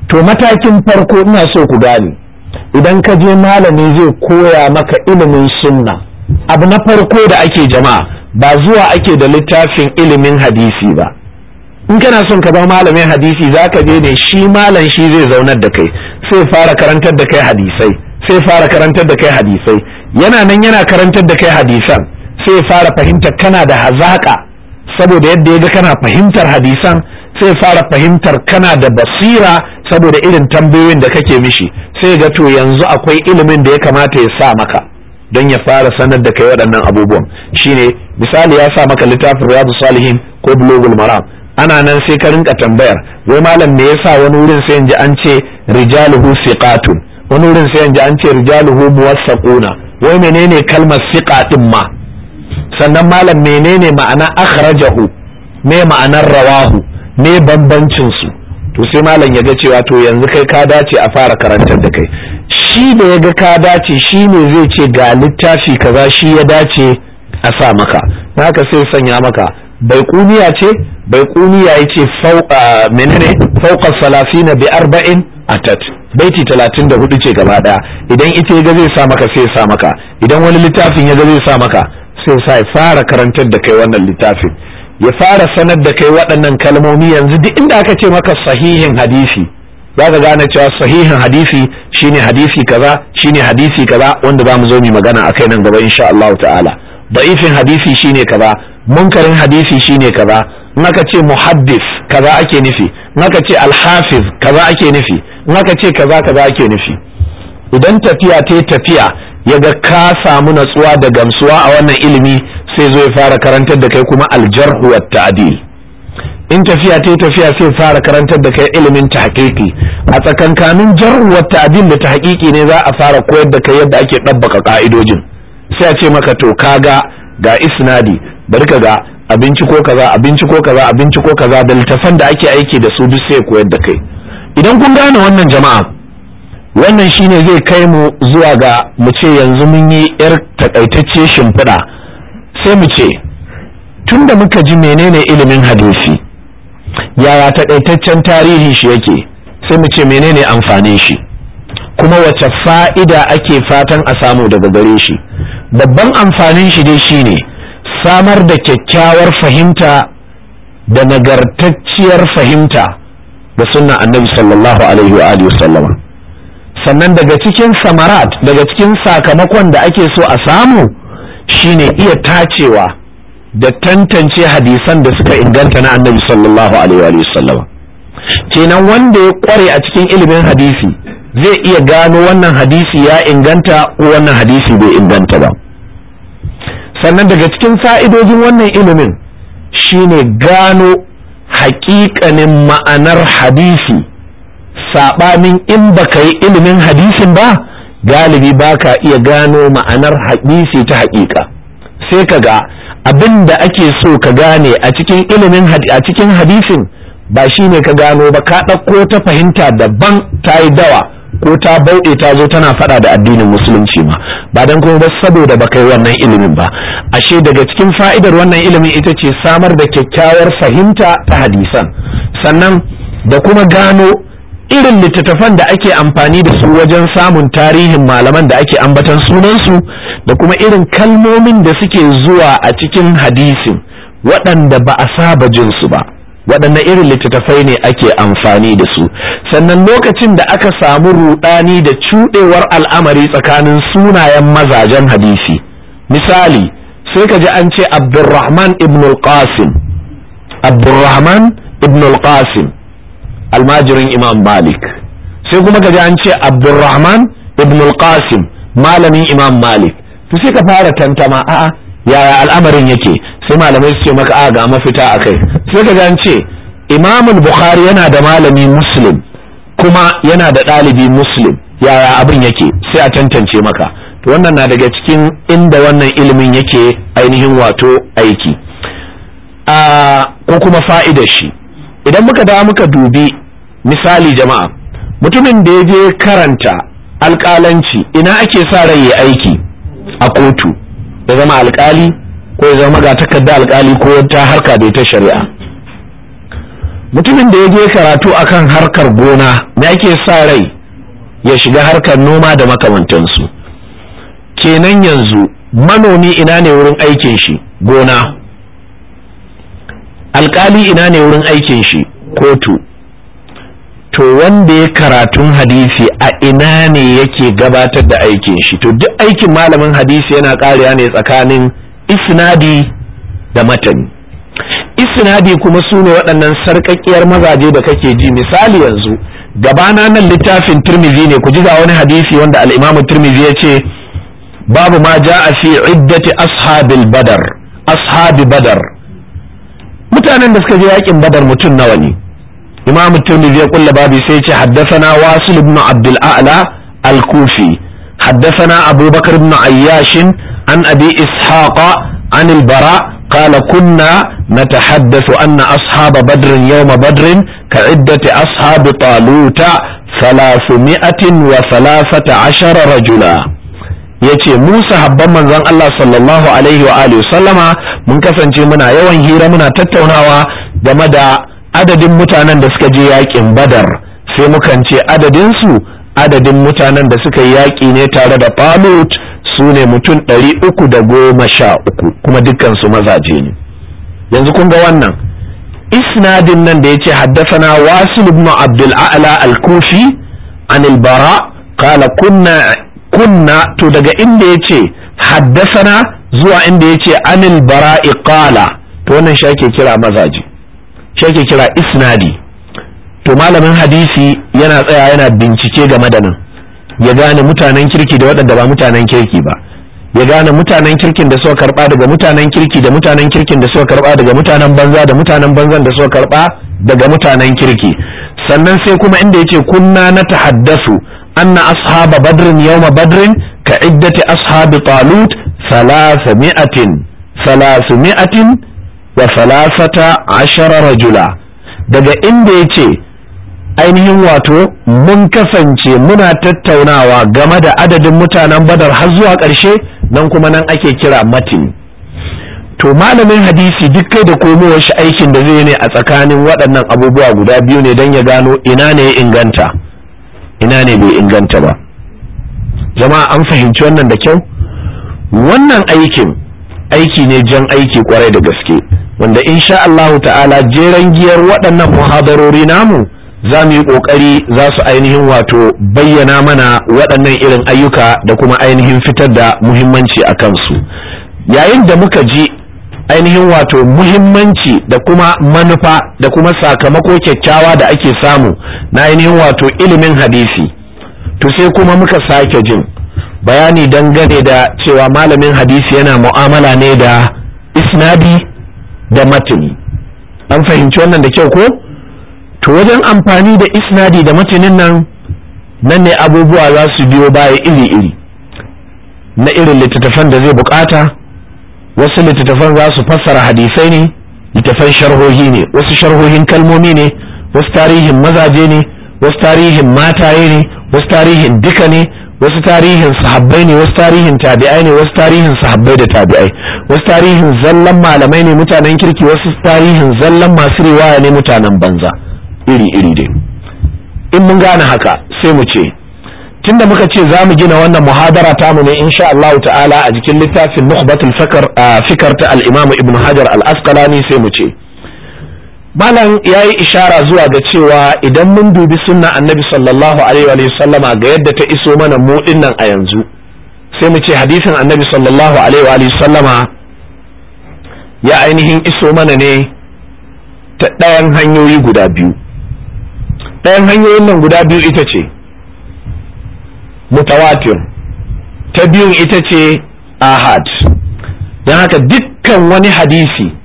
to matakin farko ina so ku gane idan ka je malami zai koya maka ilimin sunna abu na farko da ake jama'a ba zuwa ake da littafin ilimin hadisi ba in kana son ka zama malamin hadisi za ka je ne shi malam shi zai zaunar da kai sai fara karantar da kai hadisai sai fara karantar da kai hadisai yana nan yana karantar da kai hadisan sai fara fahimtar kana da hazaka saboda yadda ya ga kana fahimtar hadisan sai fara fahimtar kana da basira saboda irin tambayoyin da kake mishi sai ga to yanzu akwai ilimin da ya kamata ya sa maka don ya fara sanar da kai waɗannan abubuwan shine misali ya sa maka littafin riyadu salihin ko bulogul maram ana nan sai ka rinka tambayar wai malam me yasa wani wurin sai in ji an ce rijaluhu siqatun wani wurin sai in ji an ce rijaluhu muwassaquna wai menene kalmar siƙa ɗin ma sannan malam menene ma'ana akhrajahu me ma'anar rawahu me bambancin su to sai malam ya ga cewa to yanzu kai ka dace a fara karantar da kai shi da ya ga ka dace shi ne zai ce ga littafi kaza shi ya dace a sa maka haka sai sanya maka bai ce bai yace fauqa menene fauqa 30 bi arba'in atat baiti talatin da hudu ce gaba daya idan ita ga zai sa maka sai sa maka idan wani littafin ya ga zai sa maka sai sa ya fara karantar da kai wannan littafin ya fara sanar da kai waɗannan kalmomi yanzu duk inda aka ce maka sahihin hadisi za ka gane cewa sahihin hadisi shine hadisi kaza shine hadisi kaza wanda za mu zo mu magana akai nan gaba insha Allah ta'ala da'ifin hadisi shine kaza munkarin hadisi shine kaza in aka ce muhaddis kaza ake nufi in aka ce alhafiz kaza ake nufi in ce kaza kaza ake nufi idan tafiya ta tafiya ya ga ka samu natsuwa da gamsuwa a wannan ilimi sai zo ya fara karantar da kai kuma aljarhu wa ta'dil in tafiya ta tafiya sai fara karantar da kai ilimin tahqiqi a tsakankanin jarhu wa ta'dil da tahqiqi ne za a fara koyar da kai yadda ake dabbaka ka'idojin sai a ce maka to kaga ga isnadi bari ka ga abinci ko kaza abinci ko kaza abinci ko kaza da littafan da ake aiki da su duk sai koyar da kai idan kun gane wannan jama'a wannan shine zai kai mu zuwa ga mu ce yanzu mun yi yar takaitacce shimfiɗa sai mu ce tunda muka ji menene ilimin hadisi yaya takaitaccen tarihi shi yake sai mu ce menene amfanin shi kuma wace fa'ida ake fatan a samu daga gare shi babban amfanin shi dai shine samar da kyakkyawar fahimta da nagartacciyar fahimta da sunna annabi sallallahu alaihi wa alihi sallama sannan daga cikin samarat daga cikin sakamakon da ake so a samu shine iya tacewa da tantance hadisan da suka inganta na annabi sallallahu alaihi wa sallama kenan wanda ya kware a cikin ilimin hadisi zai iya gano wannan hadisi ya inganta ko wannan hadisi bai inganta ba sannan daga cikin fa'idojin wannan ilimin shine gano haƙiƙanin ma'anar hadisi saɓanin in baka yi ilimin hadisin ba galibi baka iya gano ma'anar hadisi ta haƙiƙa sai ka ga abin da ake so ka gane a cikin ilimin a cikin hadisin ba shi ne ka gano ba ka ɗauko ta fahimta daban ta yi dawa ko ta bauɗe ta zo tana faɗa da addinin musulunci ma ba dan kuma ba saboda ba kai wannan ilimin ba ashe daga cikin fa'idar wannan ilimin ita ce samar da kyakkyawar fahimta ta hadisan sannan da kuma gano irin littattafan da ake amfani da su wajen samun tarihin malaman da ake ambatan sunansu da kuma irin kalmomin da suke zuwa a cikin hadisin waɗanda ba a saba jinsu ba waɗanne irin littattafai ne ake amfani da su sannan lokacin da aka samu rudani da cuɗewar al'amari tsakanin sunayen mazajen hadisi misali sai ka ji an ce abdurrahman ibn al-qasim abdurrahman ibn al-qasim almajirin imam malik sai kuma ka ji an ce abdurrahman ibn al-qasim malamin imam malik to sai ka fara tantama a'a yaya al'amarin yake sai malamai suke maka a ga mafita kai. sai ka gan ce imamul bukhari yana da malami muslim kuma yana da ɗalibi muslim yaya abin yake sai a tantance maka to wannan na daga cikin inda wannan ilimin yake ainihin wato aiki a ko kuma fa'idar shi idan muka da muka dubi misali jama'a mutumin da ya je karanta alkalanci ina ake sa rai ya aiki a kotu ya zama alkali ko ya zama ga takarda alkali ko ta harka bai ta shari'a mutumin da ya je karatu akan harkar gona me ake sa rai ya shiga harkar noma da makamantansu kenan yanzu manomi ina ne wurin aikin shi gona alkali ina ne wurin aikin shi kotu to wanda ya karatun hadisi a ina ne yake gabatar da aikin shi to duk aikin malamin hadisi yana ƙariya ne tsakanin isnadi da matani isnadi kuma sune waɗannan sarƙaƙƙiyar mazaje da kake ji misali yanzu gabana nan littafin turmizi ne ku ji ga wani hadisi wanda al'imamu turmizi ya ce babu ma ja'a fi iddati ashabil badar ashabi badar mutanen da suka je yakin badar mutum nawa ne imamu tirmidhi ya kulla babu sai ce haddathana wasil ibn abdul a'la al-kufi haddathana abubakar ibn ayyashin an abi ishaqa an al-bara قال كنا نتحدث أن أصحاب بدر يوم بدر كعدة أصحاب طالوت ثلاثمائة وثلاثة عشر رجلا yace mu sahabban manzon Allah sallallahu alaihi wa sallama mun kasance muna yawan hira muna tattaunawa game da adadin mutanen da suka je yakin badar sai mukan ce adadinsu adadin mutanen da suka yi yaƙi ne tare da palut su ne mutum ɗari uku da goma sha uku kuma dukkansu mazaje ne yanzu kun ga wannan isnadin nan da ya ce haddasana wasil ibn abdul a'la al-kufi an al-bara qala kunna to daga inda ya ce haddasana zuwa inda ya ce an al-bara qala to wannan shi ake kira mazaje shi ake kira isnadi to malamin hadisi yana tsaya yana bincike game da nan ya gane mutanen kirki da waɗanda ba mutanen kirki ba ya gane mutanen kirkin da suka karba daga mutanen kirki da mutanen kirkin da suka karba daga mutanen banza da mutanen banzan da suka karba daga mutanen kirki sannan sai kuma inda yake kunna na tahaddasu anna ashaba badrin yawma badrin ka iddati ashabi talut 300 300 wa salasata ashara rajula daga inda ya ce ainihin wato mun kasance muna tattaunawa game da adadin mutanen badar har zuwa ƙarshe nan kuma nan ake kira matin to malamin hadisi duk kai da komowar shi aikin da zai ne a tsakanin waɗannan abubuwa guda biyu ne don ya gano ina ne ya inganta ina ne bai inganta ba jama'a an fahimci wannan da kyau wannan aikin aiki ne jan aiki kwarai da gaske wanda insha Allahu ta'ala jeran giyar waɗannan muhadarori namu za mu yi ƙoƙari za su ainihin wato bayyana mana waɗannan irin ayyuka da kuma ainihin fitar da muhimmanci a kansu yayin da muka ji ainihin wato muhimmanci da kuma manufa da kuma sakamako kyakkyawa da ake samu na ainihin wato ilimin hadisi to sai kuma muka sake jin bayani dangane da cewa malamin hadisi yana mu'amala ne da isnadi da matini an fahimci wannan da kyau ko to wajen amfani da isnadi da matinin nan nan ne abubuwa za su biyo baya iri-iri na irin littattafan da zai bukata wasu littattafan za su fassara hadisai ne littattafan sharhohi ne wasu sharhohin kalmomi ne wasu tarihin mazaje ne wasu tarihin mataye ne wasu tarihin duka ne wasu tarihin sahabbai ne wasu tarihin tabi'ai ne wasu tarihin sahabbai da tabi'ai wasu tarihin zallan malamai ne mutanen kirki wasu tarihin zallan masu riwaya ne mutanen banza iri iri dai in mun gane haka sai mu ce tunda muka ce za mu gina wannan muhadara tamu ne insha Allah ta'ala a jikin littafin nukhbatul fikr ta al-Imam Ibn Hajar al-Asqalani sai mu ce malam ya yi ishara zuwa ga cewa idan mun dubi sunna annabi sallallahu alaihi wa sallama ga yadda ta iso mana mu nan a yanzu sai mu ce hadisin annabi sallallahu alaihi wa sallama ya ainihin iso mana ne ta ɗayan hanyoyi guda biyu ɗayan hanyoyin nan guda biyu ita ce mutawatir ta biyun ita ce ahad don haka dukkan wani hadisi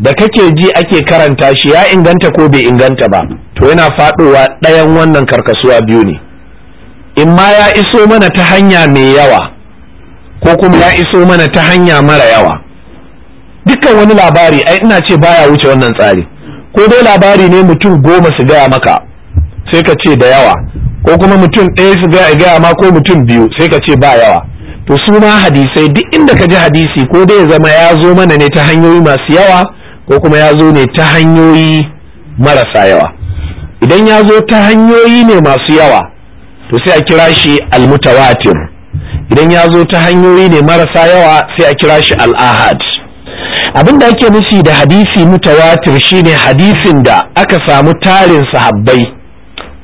da kake ji ake karanta shi ya inganta ko bai inganta ba to yana faɗowa ɗayan wannan karkasuwa biyu ne in ma ya iso mana ta hanya mai yawa ko kuma ya iso mana ta hanya mara yawa dukkan wani labari ai ina ce baya wuce wannan tsari ko dai labari ne mutum goma su gaya maka sai ka ce da yawa ko kuma mutum ɗaya su gaya ma ko mutum biyu sai ka ce ba yawa to su ma hadisai duk inda ka ji hadisi ko dai ya zama ya zo mana ne ta hanyoyi masu yawa ko kuma ya zo ne ta hanyoyi marasa yawa idan ya zo ta hanyoyi ne masu yawa to sai a kira shi almutawatir idan ya zo ta hanyoyi ne marasa yawa sai a kira shi al'ahad abin da ake nufi da hadisi mutawatir shine hadisin da aka samu tarin sahabbai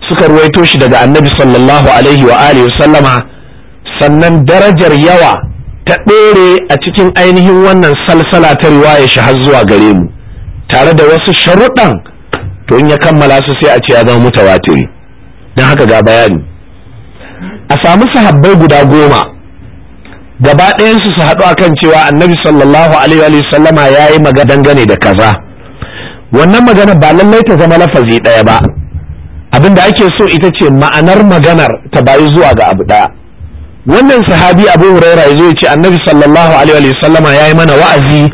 suka ruwaito shi daga annabi sallallahu alaihi wa alihi sallama sannan darajar yawa ta ɗore a cikin ainihin wannan salsala ta riwaya shi har zuwa gare mu tare da wasu sharuɗan to in ya kammala su sai a ce ya zama mutawatiri don haka ga bayani a sami sahabbai guda goma gaba ɗayansu su haɗu akan cewa annabi sallallahu alaihi wa sallama ya yi magana dangane da kaza wannan magana ba lallai ta zama lafazi ɗaya ba abin da ake so ita ce ma'anar maganar ta bayi zuwa ga abu ɗaya wannan sahabi abu huraira ya zo ya ce annabi sallallahu alaihi sallama ya yi mana wa'azi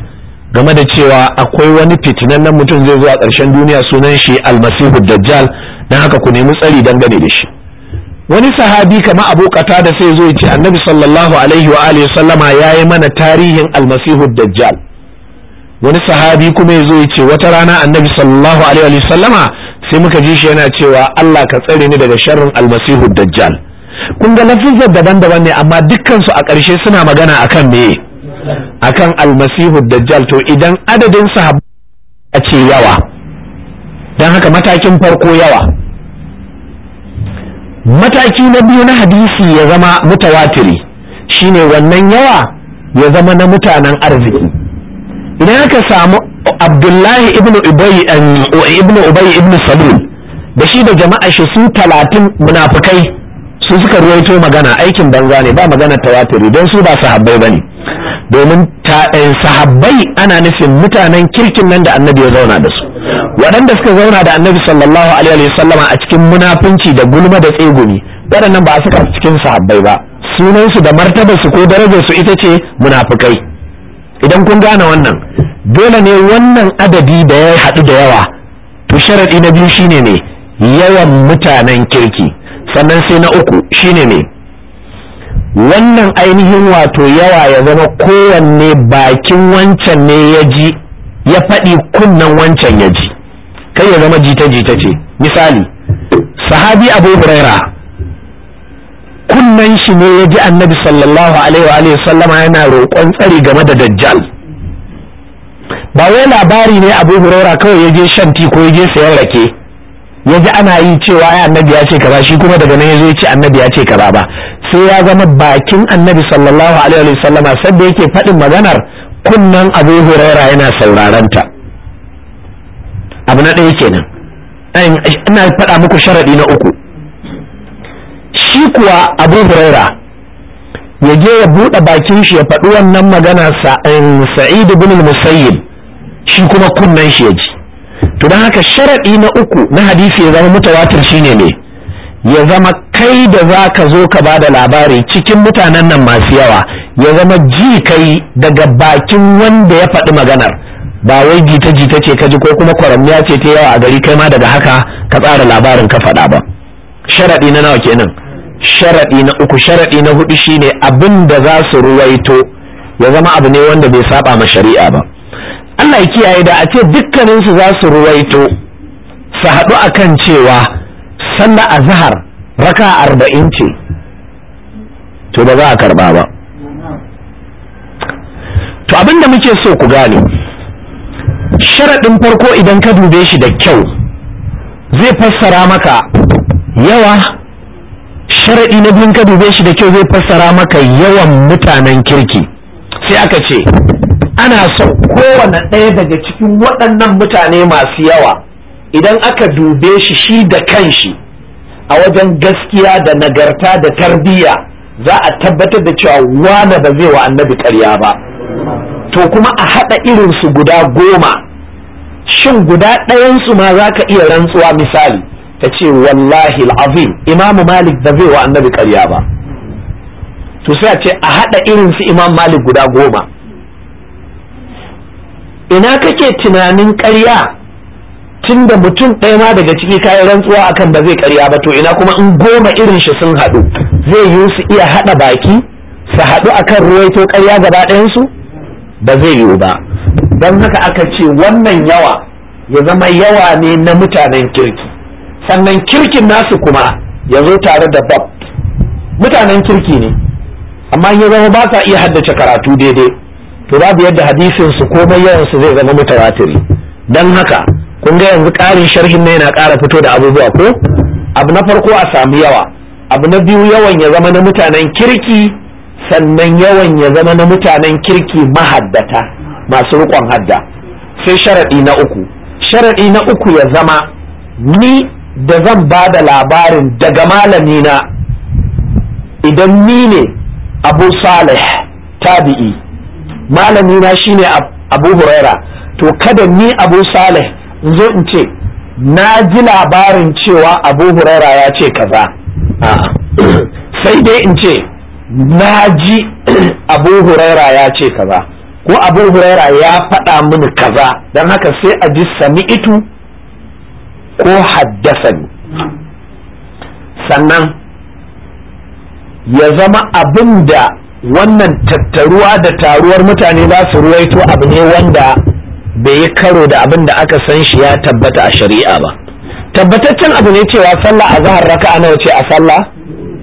game da cewa akwai wani fitinannen mutum zai zo a ƙarshen duniya sunan shi almasihu dajjal don haka ku nemi tsari dangane da shi wani sahabi kama abu kata da sai zo ya ce annabi sallallahu alaihi wa alihi sallama ya yi mana tarihin almasihu dajjal wani sahabi kuma ya zo ya ce wata rana annabi sallallahu alaihi wa sallama sai muka ji shi yana cewa Allah ka tsare ni daga sharrin almasihu dajjal kun ga lafizar daban-daban ne amma dukkansu a ƙarshe suna magana a akan me kan almasihu dajjal to idan adadin sahabbai a ce yawa don haka matakin farko yawa mataki na biyu na hadisi ya zama mutawatiri shine wannan yawa ya zama na mutanen arziki idan aka samu abdullahi ibn ubayi ibnu salul da shi da jama'a shi su talatin munafukai su suka ruwaito magana aikin banza ne ba magana tawatiri don su ba sahabbai ne domin eh, sahabbai ana nufin mutanen kirkin nan da annabi ya zauna da su waɗanda suka zauna da annabi sallallahu alaihi sallama a cikin munafunci da gulma da tsegumi waɗannan ba a saka cikin sahabbai ba sunansu da martabarsu ko darajarsu ita ce munafukai idan kun gane wannan dole ne wannan adadi da ya haɗu da yawa to sharaɗi na biyu shine ne yawan mutanen kirki sannan sai na uku shine ne wannan ainihin wato yawa ya zama kowanne bakin wancan ne ya ji ya faɗi kunnan wancan ya ji kai ya zama jita-jita ce misali sahabi abu huraira kunnan shi ne ya ji annabi sallallahu alaihi wa sallama yana roƙon tsari game da dajjal ba wai labari ne abu huraira kawai ya je shan ko ya je sayan rake ya ji ana yi cewa ai annabi ya ce kaza shi kuma daga nan ya zo ya ce annabi ya ce kaza ba sai ya zama bakin annabi sallallahu alaihi wa sallama sanda yake faɗin maganar kunnan abu huraira yana sauraron ta abu na ɗaya kenan ina faɗa muku sharaɗi na uku shi kuwa abu huraira ya je ya buɗe bakin shi ya faɗi wannan magana eh, sa'id ibn musayyib shi kuma kunnan shi ya ji to don haka sharaɗi na uku na hadisi ya zama mutawatir shine ne ya zama kai da za ka zo ka ba da labari cikin mutanen nan masu yawa ya zama ji kai daga bakin wanda ya faɗi maganar ba wai jita jita ce ka ji ko kuma kwaramniya ce ta yawa a gari kai ma daga haka ka tsara labarin ka faɗa ba sharaɗi na nawa kenan sharaɗi na uku sharaɗi na hudu shine abin da za su ruwaito ya zama abu ne wanda bai saba ma shari'a ba Allah ya kiyaye da a ce dukkaninsu za su ruwaito su haɗu a kan cewa a zahar raka arba'in ce to ba za a karɓa ba to abinda muke so ku gane sharaɗin farko idan ka dube shi da kyau zai fassara maka yawa sharaɗi na biyun ka dube shi da kyau zai fassara maka yawan mutanen kirki sai aka ce ana so kowane ɗaya daga cikin waɗannan mutane masu yawa idan aka dube shi shi da kanshi a wajen gaskiya da nagarta da tarbiyya za a tabbatar da cewa wane ba zai wa annabi karya ba to kuma a haɗa irinsu guda goma shin guda ɗayansu ma za ka iya rantsuwa misali ta ce wallahi al'azim imamu malik ba zai wa annabi ƙarya ba to sai a ce a haɗa irinsu imam malik guda goma ina kake tunanin ƙarya tun da mutum ɗaya ma daga ciki kayi rantsuwa akan ba zai ƙarya ba to ina kuma in goma irin shi sun haɗu zai yiwu su iya haɗa baki su haɗu akan ruwaito ƙarya gaba ɗayansu ba zai yiwu ba don haka aka ce wannan yawa ya zama yawa ne na mutanen kirki sannan kirkin nasu kuma ya zo tare da bab mutanen kirki ne amma ya zama ba sa iya haddace karatu daidai to babu yadda hadisin su komai yawan su zai zama mutawatiri dan haka kun ga yanzu ƙarin sharhin ne yana ƙara fito da abubuwa ko abu na farko a samu yawa abu na biyu yawan ya zama na mutanen kirki sannan yawan ya zama na mutanen kirki mahaddata masu riƙon hadda sai sharaɗi na uku sharaɗi na uku ya zama ni da zan ba da labarin daga malamina idan ni ne abu salih tabi'i malami na shine abu huraira to kada ni abu salih in zo in ce na ji labarin cewa abu huraira ya ce kaza [CLEARS THROAT] sai dai in ce na ji [CLEARS THROAT] abu huraira ya ce kaza ko abu huraira ya faɗa mini kaza don haka sai a ji itu ko haddasani sannan ya zama abin da wannan tattaruwa da taruwar mutane za su ruwaito abu ne wanda bai yi karo da abin da aka san shi ya tabbata a shari'a ba tabbataccen abu ne cewa sallah a zahar raka nawa ce a sallah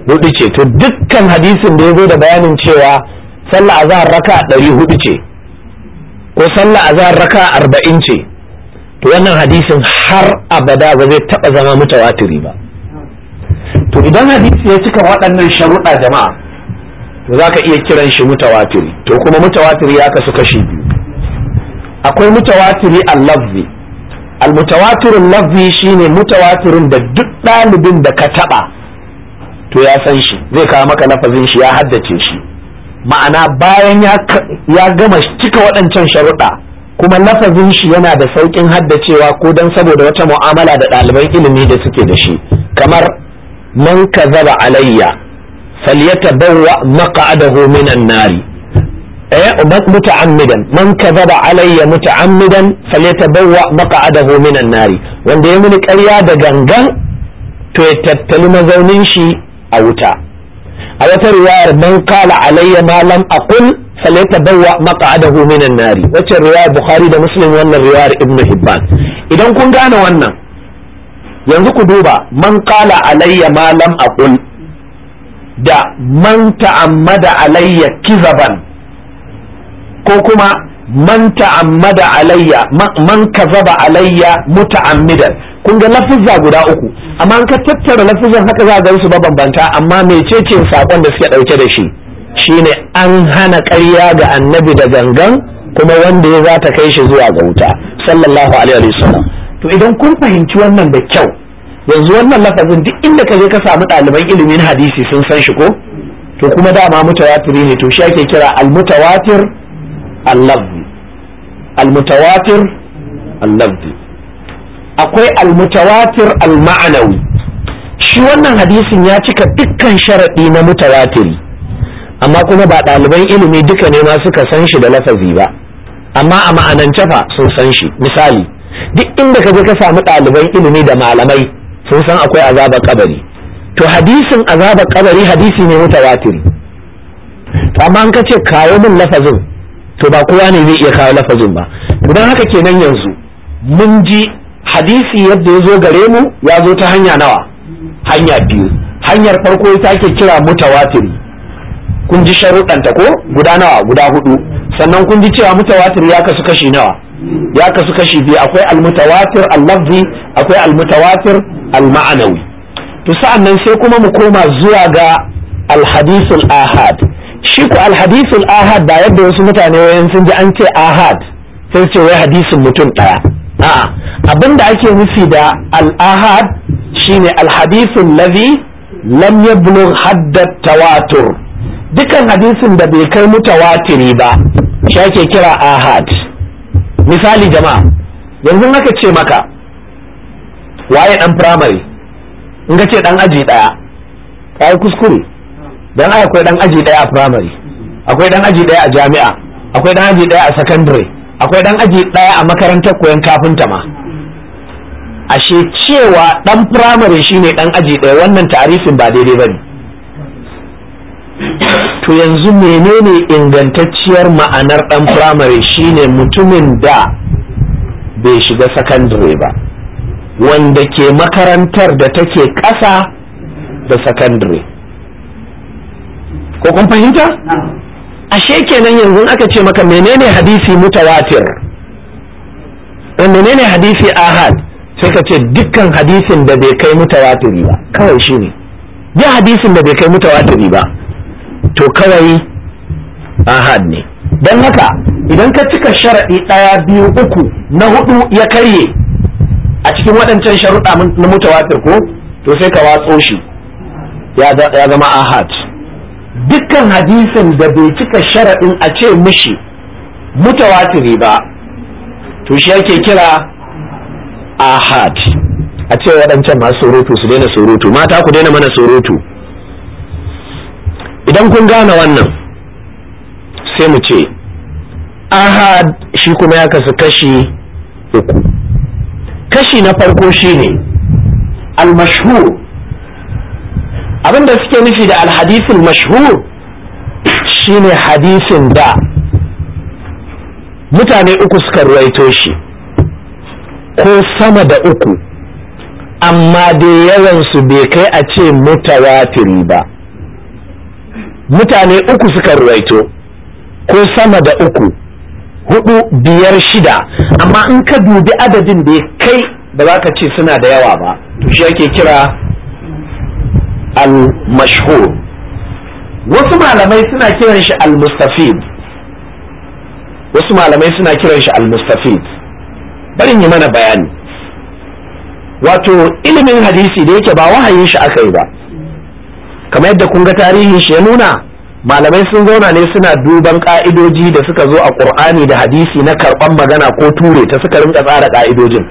hudu ce to dukkan hadisin da ya zo da bayanin cewa sallah a zahar raka ɗari hudu ce ko sallah a zahar raka arba'in ce to wannan hadisin har abada ba zai taɓa zama mutawatiri ba to idan hadisi ya cika waɗannan sharuɗa jama'a to zaka iya kiran shi mutawatir to kuma mutawatir ya kasu kashi biyu akwai mutawatiri al-lafzi al-mutawatir al-lafzi shine mutawatirin da duk ɗalibin da ka taba to ya san shi zai kawo maka lafazin shi ya haddace shi ma'ana bayan ya gama cika waɗancan sharuɗa kuma lafazin shi yana da sauƙin haddacewa ko dan saboda wata mu'amala da ɗaliban ilimi da suke da shi kamar man kazaba alayya فليتبوأ مقعده من النار متعمدا من كذب علي متعمدا فليتبوأ مقعده من النار wanda ya muni ƙarya da gangan to ya tattali mazaunin shi a wuta a wata riwayar man kala alayya ma lam aqul falyatabawwa maq'adahu minan nari wacce riwayar bukhari da muslim wannan riwayar ibn hibban idan kun gane wannan yanzu ku duba man kala alayya ma lam aqul da man ta'ammada alayya kizaban ko kuma man ta'ammada alayya man kazaba alayya muta'ammidan kun ga lafuzza guda uku amma an ka tattara lafuzzan haka za ga su bambanta amma mecece sakon da suke dauke da shi shine an hana ƙarya ga annabi da gangan kuma wanda ya za ta kai shi zuwa ga wuta sallallahu alaihi wasallam to idan kun fahimci wannan da kyau yanzu wannan lafazin duk inda ka je ka samu ɗaliban ilimin hadisi sun san shi ko to kuma dama mutawatiri ne to shi ake kira almutawatir allafzi almutawatir allafzi akwai almutawatir alma'anawi shi wannan hadisin ya cika dukkan sharaɗi na mutawatiri amma kuma ba ɗaliban ilimi duka ne ma suka san shi da lafazi ba amma a ma'anance fa sun san shi misali duk inda ka je ka samu ɗaliban ilimi da malamai sun san akwai azabar kabari to hadisin azabar kabari hadisi ne mutawatir amma an kace kawo min lafazin to ba kowa ne zai iya kawo lafazin ba Idan haka kenan yanzu mun ji hadisi yadda ya zo gare mu ya zo ta hanya nawa hanya biyu hanyar farko ita ake kira mutawatir kun ji sharuɗanta ko guda nawa guda hudu sannan kun ji cewa mutawatir ya kasu kashi nawa ya kasu kashi biyu akwai almutawatir al-lafzi akwai almutawatir al-ma'anawi to sa'annan sai kuma mu koma zuwa ga al ahad shi ku ahad ba yadda wasu mutane wayan sun ji an ce ahad sai ce wai hadisin mutum daya a'a abinda ake nufi da al-ahad shine al-hadithul ladhi lam yablugh hadda tawatur dukan hadisin da bai kai mutawatiri ba shi ake kira ahad misali jama'a yanzu haka ce maka waye dan primary in ka ce dan aji daya kai kuskure dan ai akwai dan aji daya a primary akwai dan aji daya a jami'a akwai dan aji daya a secondary akwai dan aji daya a makarantar koyon kafinta ma ashe cewa dan primary shine dan aji daya wannan tarihin ba daidai bane to yanzu menene ingantacciyar ma'anar ɗan firamare shine mutumin da bai shiga secondary ba wanda ke makarantar da take ƙasa da secondary ko kun fahimta ashe kenan yanzu aka ce maka menene hadisi mutawatir eh, menene hadisi ahad sai ka ce dukkan hadisin da bai kai mutawatiri ba kawai shine duk hadisin da bai kai mutawatiri ba to kawai ahad ne don haka idan ka cika sharaɗi ɗaya biyu uku na hudu ya karye a cikin waɗancan sharuɗa na mutawatir ko to sai ka watso shi ya zama ahad dukkan hadisin da bai cika sharaɗin a ce mushi mutawatiri ba to shi yake kira ahad a ce waɗancan masu surutu su daina surutu mata ku daina mana surutu idan kun gane wannan sai mu ce ahad shi kuma ya kasu kashi uku kashi na farko shine al almashhur abinda suke nufi da al mashhur shi shine hadisin da mutane uku suka ruwaito shi ko sama da uku amma da yawansu bai kai a ce mutawatiri ba mutane uku suka ruwaito ko sama da uku hudu biyar shida amma in ka dubi adadin da ya kai ba za ka ce suna da yawa ba to shi ake kira al-mashhur wasu malamai suna kiran shi al-mustafid wasu malamai suna kiran shi al-mustafid barin yi mana bayani wato ilimin hadisi da yake ba wahayin shi aka yi ba kamar yadda kun ga tarihin shi ya nuna malamai sun zauna ne suna duban ka'idoji da suka zo a Ƙur'ani da hadisi na karban magana ko ture ta suka rinka tsara ka'idojin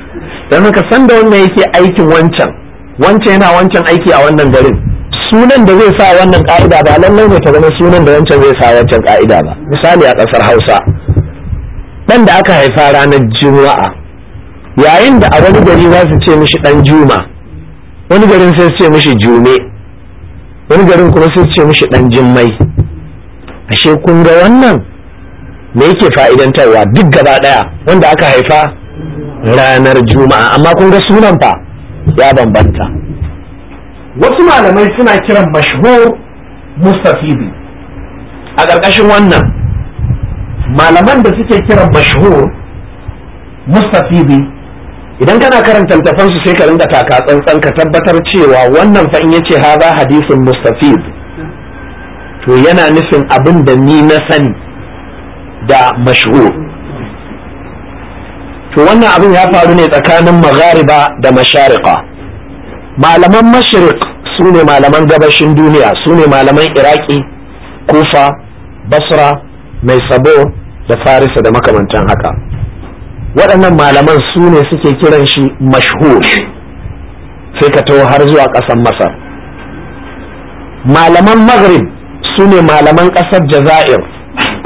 dan haka san da wannan yake aikin wancan wancan yana wancan aiki a wannan garin sunan da zai sa wannan ka'ida ba lallai ne ta zama sunan da wancan zai sa wancan ka'ida ba misali a kasar Hausa dan da aka haifa ranar Juma'a yayin da a wani gari za su ce mishi dan Juma wani garin sai su ce mishi Jume wani garin kuma sai ce mishi dan jimmai ashe kun ga wannan me yake fa'idantarwa duk gaba daya wanda aka haifa ranar juma'a amma kun ga sunan fa ya bambanta wasu malamai suna kiran mashhur mustafidi a ƙarƙashin wannan malaman da suke kiran mashhur mustafidi idan kana karanta littafan su sai ka rinka taka tsantsan ka tabbatar cewa wannan fa in yace ba hadisin mustafid to yana nufin abin da ni na sani da mashhur to wannan abin ya faru ne tsakanin magariba da mashariqa malaman mashriq su ne malaman gabashin duniya su ne malaman iraki kufa basra mai sabo da farisa da makamantan haka waɗannan malaman su ne suke kiran shi mashhur sai ka taho har zuwa ƙasar masar malaman maghrib su ne malaman ƙasar jazair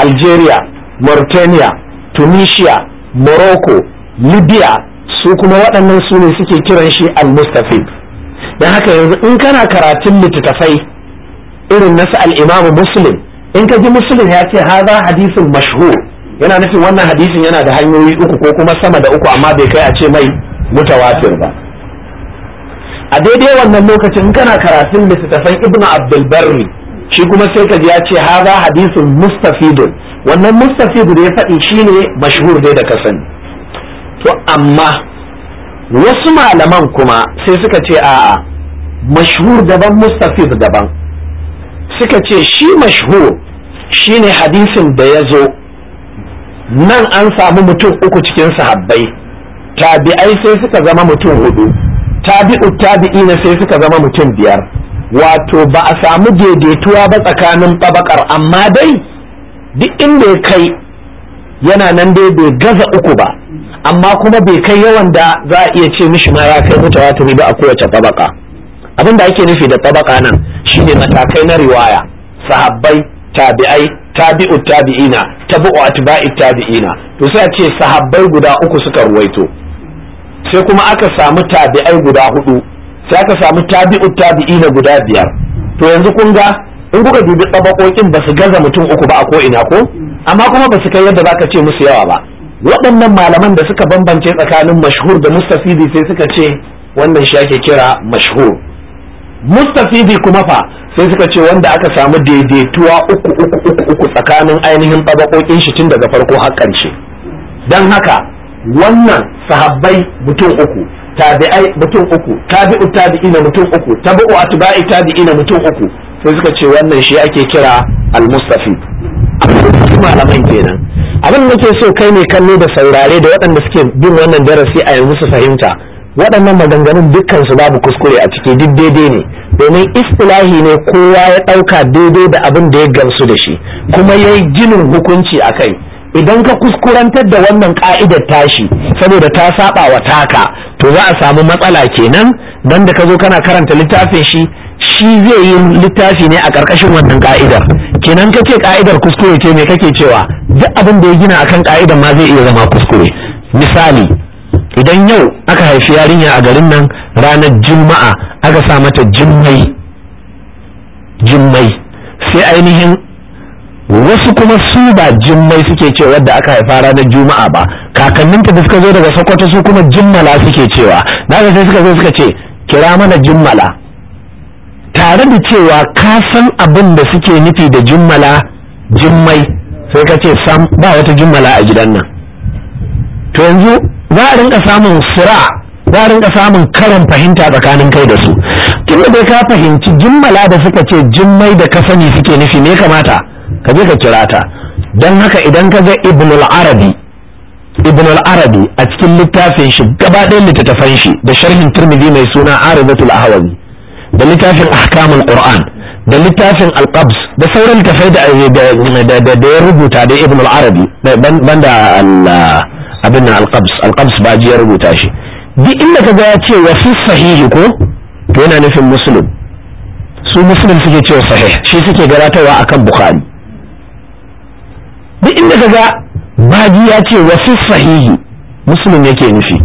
algeria mauritania tunisia morocco libya su kuma waɗannan su ne suke kiran shi al-mustafid don haka yanzu in kana karatun littattafai irin nasu al-imamu muslim in ka ji muslim ya ce haza hadisin mashhur yana nufin wannan hadisin yana da hanyoyi uku ko kuma sama da uku amma bai kai a ce mai mutawatir ba a daidai wannan lokacin kana karatun littattafan ibn abdul barri shi kuma sai ka ji ya ce haza hadisin mustafidun wannan mustafidun ya faɗi shine mashhur dai da ka sani to amma wasu malaman kuma sai suka ce a'a mashhur daban mustafid daban suka ce shi mashhur shine hadisin da ya zo nan an samu mutum uku cikin sahabbai tabi'ai sai suka zama mutum hudu tabi'u tabi'i tabi'ina sai suka zama mutum biyar wato ba a samu daidaituwa ba tsakanin tabakar amma dai duk inda ya kai yana nan dai bai gaza uku ba amma kuma bai kai yawan da za a iya ce mishi ma ya kai mutawatiri ba a kowace tabaka abin da ake nufi da tabaka nan shine matakai na riwaya sahabbai tabi'ai tabi'u tabi'ina tabu'u atba'i tabi'ina to sai a ce sahabbai guda uku suka ruwaito sai kuma aka samu tabi'ai guda hudu sai aka samu tabi'u tabi'ina guda biyar to yanzu kun ga in kuka dubi tabakokin ba su gaza mutum uku ba a ko ina ko amma kuma ba su kai yadda zaka ce musu yawa ba waɗannan malaman da suka bambance tsakanin mashhur da mustafidi sai suka ce wannan shi ake kira mashhur mustafifi kuma fa sai suka ce wanda aka samu daidaituwa uku uku uku uku tsakanin ainihin tabakokin shi tun daga farko har ƙarshe don haka wannan sahabbai mutum uku tabi'ai mutum uku tabi'u tabi'ina mutum uku tabi'u atba'i tabi'ina mutum uku sai suka ce wannan shi ake kira al mustafi abin malaman kenan abin da nake so kai ne kallo da saurare da waɗanda suke bin wannan darasi a yanzu su fahimta waɗannan maganganun dukkansu babu kuskure a ciki duk daidai ne domin istilahi ne kowa ya ɗauka daidai da abin da ya gamsu da shi kuma ya yi ginin hukunci a kai idan ka kuskurantar da wannan ka'idar tashi saboda ta saba wa taka to za a samu matsala kenan dan da ka zo kana karanta littafin shi shi zai yi littafi ne a ƙarƙashin wannan ka'idar kenan ka ce ka'idar kuskure ce me kake cewa duk abin da ya gina akan ka'idar ma zai iya zama kuskure misali idan yau aka haifi yarinya a garin nan ranar juma'a aka sa mata jummai jummai sai ainihin wasu kuma su ba jummai suke cewa wadda aka haifa ranar juma'a ba kakanninta da suka zo daga sokoto su kuma jimmala suke cewa daga sai suka zo suka ce kira mana jimmala tare da cewa ka san abin da suke nufi da jummala jummai sai ka ce ba wata jummala a gidan nan to yanzu za a rinka samun sura za a rinka samun karin fahimta tsakanin kai da su tun da ka fahimci jimmala da suka ce jimmai da ka sani suke nufi me kamata ka je ka kira ta don haka idan ka ga ibnul arabi ibnul arabi a cikin littafin shi gabaɗayan ɗayan littattafan shi da sharhin turmidi mai suna arabatul ahwazi da littafin ahkamul qur'an da littafin al da sauran tafai da da ya rubuta da ibn al-arabi banda abin al-qabs al-qabs baji ya rubuta shi duk inda kaga ya ce wa fi sahihi ko to yana nufin muslim su muslim suke cewa sahih shi suke garatarwa akan bukhari duk inda kaga baji ya ce wa fi sahihi muslim yake nufi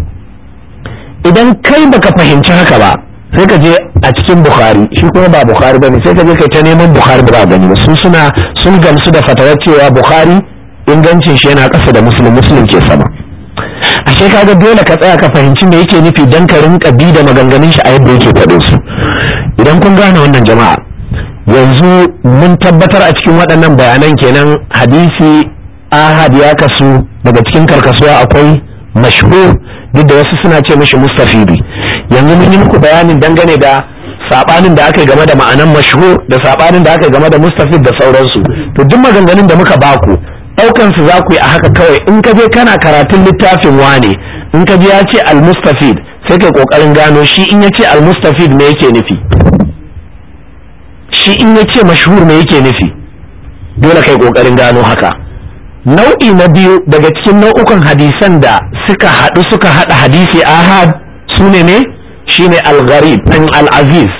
idan kai baka fahimci haka ba sai ka je a cikin bukhari shi kuma ba bukhari ne, sai ka je kai ta neman bukhari ba gani ba su suna sun gamsu da fatawar cewa bukhari ingancin shi yana kasa da musulun, musulun ke sama ka kaga dole ka tsaya ka fahimci me yake nufi dan ka rinka bi da maganganun shi a yadda yake faɗin su idan kun gane wannan jama'a yanzu mun tabbatar a cikin waɗannan bayanan kenan hadisi ahad ya kasu daga cikin karkasuwa akwai mashhur duk da wasu suna ce mashi mustafidi yanzu mun yi muku bayanin dangane da sabanin da aka yi game da ma'anan mashhur da sabanin da aka yi game da mustafid da sauransu to duk maganganun da muka baku daukan su za ku yi a haka kawai in ka je kana karatun littafin wane in ka je ya ce al-mustafid sai kai kokarin gano shi in ya ce al-mustafid me yake nufi shi in ya ce mashhur me yake nufi dole kai kokarin gano haka nau'i na biyu daga cikin nau'ukan hadisan da suka haɗu suka haɗa hadisi ahad su ne ne shine al-gharib din al-aziz